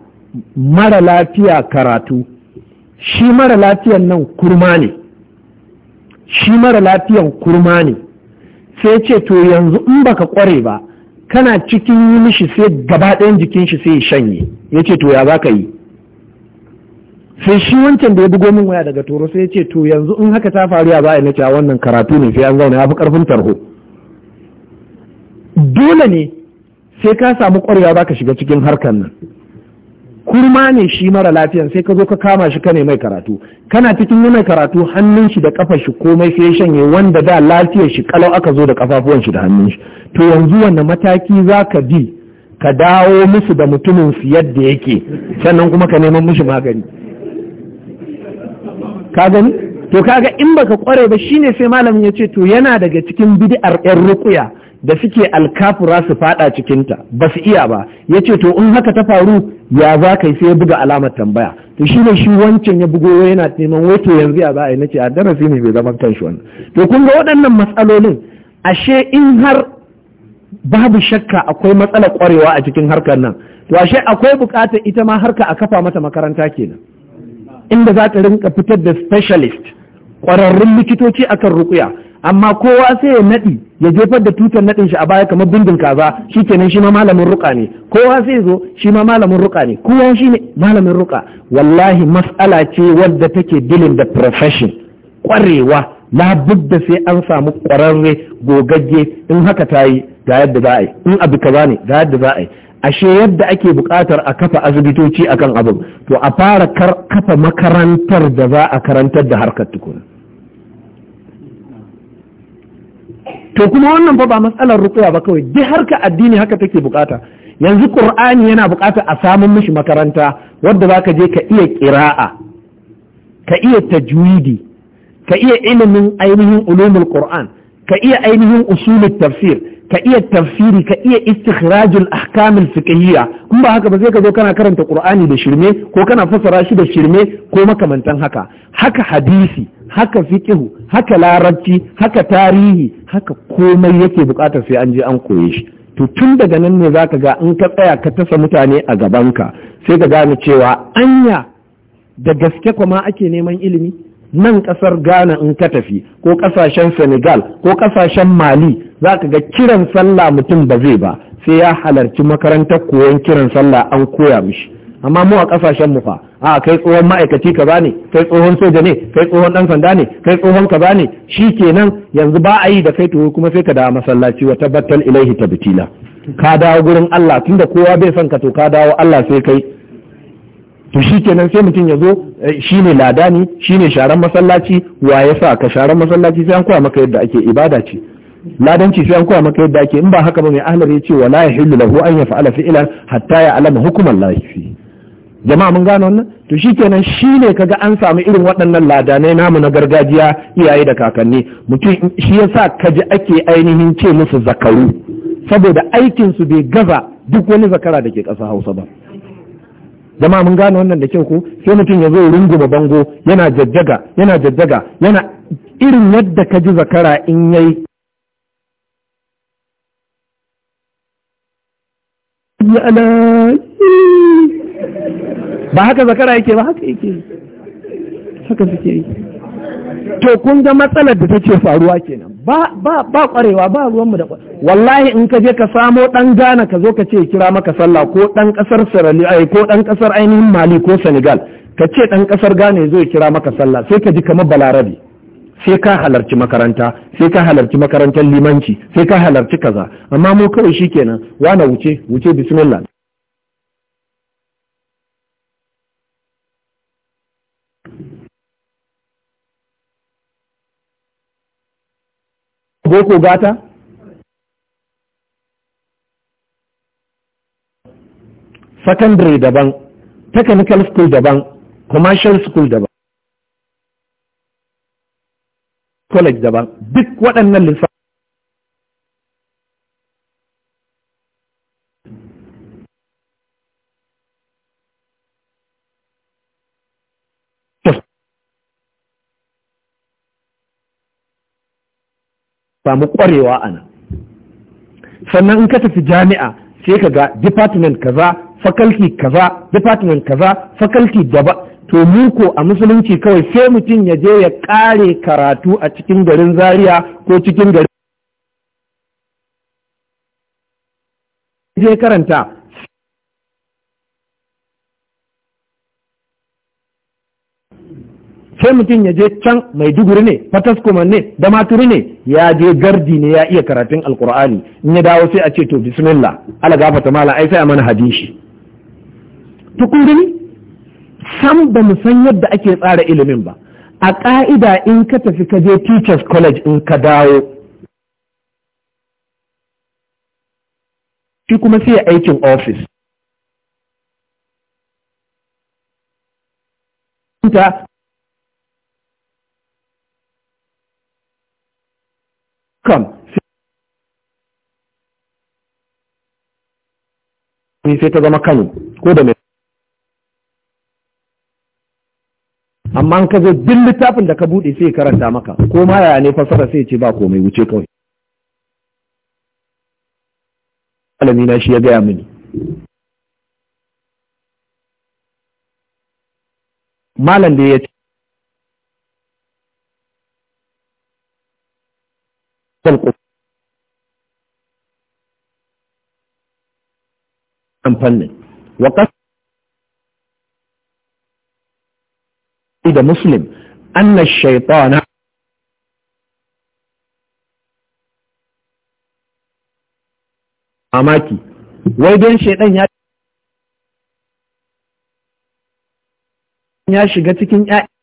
mara lafiya karatu shi mara lafiyan nan kurma ne shi mara lafiyan kurma ne sai ce to yanzu in baka kware ba kana cikin yi mishi sai gabaɗayan jikin shi sai ya shanye ya ce to ya za ka yi sai shi wancan da ya bugo min waya daga toro sai ya ce to yanzu in haka ta faru ya za a a wannan karatu ne sai an zauna ya fi karfin tarho dole ne sai ka samu kwarewa ba ka shiga cikin harkar nan kurma ne shi mara lafiyan sai ka zo ka kama shi ka mai karatu kana cikin nuna karatu hannun shi da kafa shi komai sai shanye wanda da lafiyar shi kalau aka zo da kafafuwan shi da hannun shi to yanzu wanda mataki za ka bi ka dawo musu da mutumin su yadda yake sannan kuma ka neman mushi magani ka gani to kaga in baka kware ba shine sai malamin ya ce to yana daga cikin bid'ar yan rukuya da suke alkafura su fada cikinta ba su iya ba ya ce to in haka ta faru ya za ka yi sai ya buga alamar tambaya to shi ne shi wancan ya bugo yana neman wato yanzu ya za a yi nace a darasi ne bai zama shi wannan to kun ga waɗannan matsalolin ashe in har babu shakka akwai matsalar kwarewa a cikin harkar nan to ashe akwai buƙatar ita ma harka a kafa mata makaranta kenan inda za ta rinka fitar da specialist kwararrun likitoci akan rukuya amma kowa sai ya naɗi ya jefar da tutar naɗin shi a baya kamar bindin kaza shi kenan shi ma malamin ruka ne kowa sai zo shi ma malamin ruka ne kowa shi ne malamin ruka wallahi matsala ce wadda take dilin da profession kwarewa labudda sai an samu ƙwararre, gogagge in haka ta yi ga yadda za a yi in abu kaza ne ga yadda za a yi ashe yadda ake buƙatar a kafa asibitoci akan abin to a fara kafa makarantar da za a karantar da harkar tukuna to kuma wannan fa ba matsalar rukuya ba kawai duk harka addini haka take bukata yanzu qur'ani yana bukata a samun mishi makaranta wadda zaka je ka iya qira'a ka iya tajwidi ka iya ilimin ainihin ulumul qur'an ka iya ainihin usulul tafsir ka iya tafsiri ka iya istikhrajul ahkamul fiqhiyya kun ba haka ba sai ka zo kana karanta qur'ani da shirme ko kana fassara shi da shirme ko makamantan haka haka hadisi haka fiqhu haka larabci haka tarihi haka komai yake bukatar sai an je an koye shi to tun daga nan ne zaka ga in ka tsaya ka tasa mutane a gaban ka, sai ka gane cewa anya da gaske kuma ake neman ilimi nan ƙasar ghana in ka tafi ko kasashen senegal ko ƙasashen mali za ka ga kiran sallah mutum ba zai ba sai ya halarci makarantar koyon kiran sallah an koya mishi amma mu a kasashen mu fa a kai tsohon ma'aikaci kaza ne kai tsohon soja ne kai tsohon ɗan sanda ne kai tsohon kaza ne kenan yanzu ba a yi da kai to kuma sai ka dawo masallaci wa tabbatal ilaihi tabtila ka dawo gurin Allah tunda kowa bai son ka to ka dawo Allah sai kai to shi kenan sai mutum ya zo eh, shi ne lada ne shi ne sharan masallaci wa ya sa ka sharan masallaci sai an koya maka yadda ake ibada ce ladanci sai an koya maka yadda ake in ba haka ba mai ahlar ya ce wa la yahillu lahu an yaf'ala fi'lan hatta ya alama hukuman lahi jama'a mun gano wannan to shikenan ne kaga an samu irin waɗannan ladanai namu na gargajiya iyaye da kakanni mutum shi ya yasa ji ake ainihin ce musu zakaru saboda aikinsu bai gaza duk wani zakara da ke ƙasa Hausa ba jama'a mun gane wannan da kyau ko sai mutum ya zo runguma bango yana jajjaga yana jajjaga yana irin yadda ka ji zakara in yayi ba haka zakara yake ba haka yake haka suke yi to kun ga matsalar da take faruwa kenan ba ba ba kwarewa ba ruwanmu da wallahi in ka je ka samo dan gana ka zo ka ce kira maka sallah ko dan kasar sarali ai ko dan kasar ainihin Mali ko Senegal ka ce dan kasar Ghana zo ya kira maka sallah sai ka ji kamar balarabi sai ka halarci makaranta sai ka halarci makarantar limanci sai ka halarci kaza amma mu kawai shikenan wana wuce wuce bismillah boko gata sakandare daban technical school daban commercial school daban college daban duk waɗannan lissa samu ƙwarewa a nan sannan in ka tafi jami'a sai ka ga department kaza faculty kaza department kaza faculty daba to mu ko a musulunci kawai sai mutum ya je ya ƙare karatu a cikin garin zaria ko cikin garin je karanta sai mutum ya je can mai duguri ne fataskuma ne da maturi ne ya je gardi ne ya iya karatun alkur'ani in ya dawo sai a ce to bismillah ala gafata mala ai sai a mana hadishi to kun gani sam ba mu san yadda ake tsara ilimin ba a ƙa'ida in ka tafi ka je teachers college in ka dawo shi kuma sai ya aikin office kam sai ta zama kano ko da mai amma ka zo duk littafin da ka buɗe sai karanta maka ko ma yaya ne fasara sai ce ba komai wuce kawai alami na shi ya gaya mini malam da ya ce fannin waƙas da muslim anna shaitana mamaki wai don shaidan ya shiga cikin 'ya'ya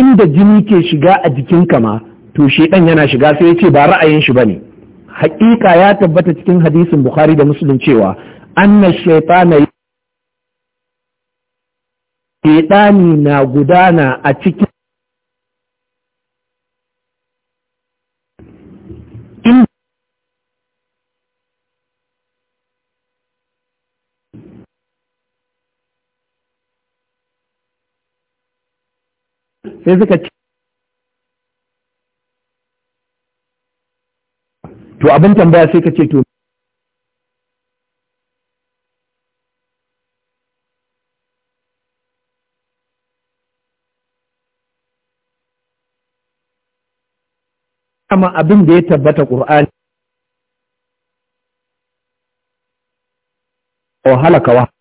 inda jini ke shiga a jikin kama, to shedan yana shiga sai ya ce ba ra'ayin shi bane haƙiƙa ya tabbata cikin hadisin bukhari da muslim cewa anna shaytana shedani na gudana a cikin sai suka ce to abin tambaya sai ka ce to amma abin da ya tabbata ƙur'ani wa halakawa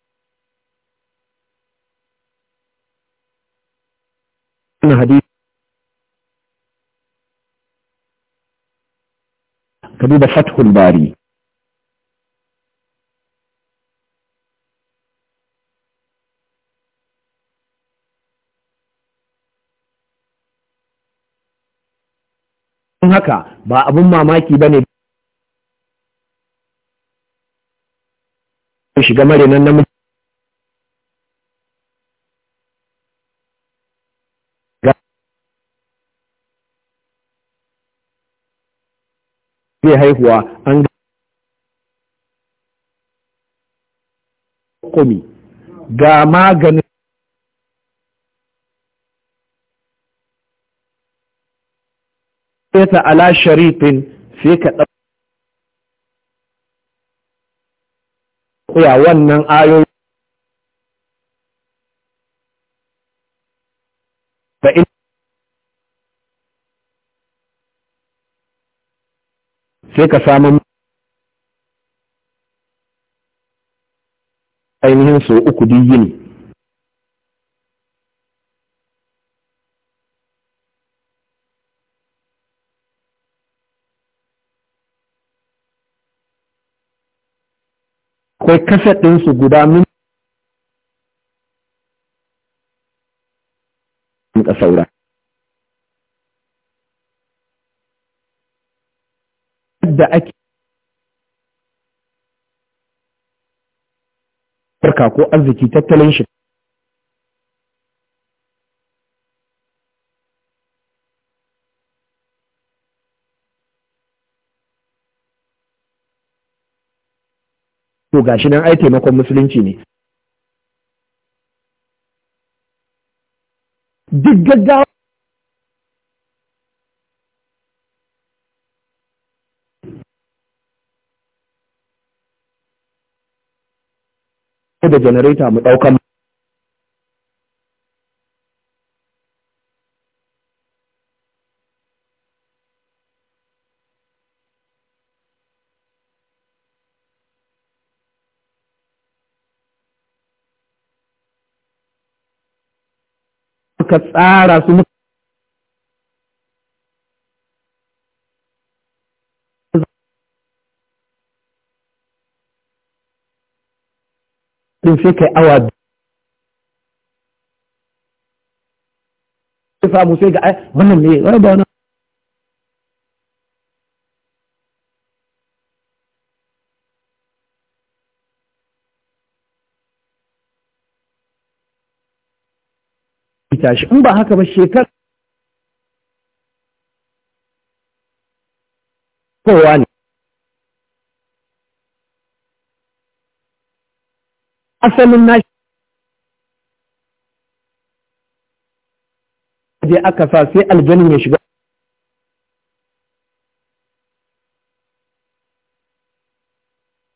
hadisi ka duba fathul bari haka ba abin mamaki ba ne shiga marinan namiji sai haihuwa an kumi ga maganin ta ala sharifin sai ka ɗauya wannan ayoyi sai ka samu ainihin sau uku yin. akwai kaset ɗinsu guda min ka saura da ake barka ko arziki tattalin shi to gashi nan ai taimakon musulunci ne duk gaggawa The da janareta mu ɗaukan muka tsara su din sai kai awa sai famu sai ga wannan ne wani ba wani tashi in ba haka ba shekar kowa ne أسأل الناس دي أكفى في الجنة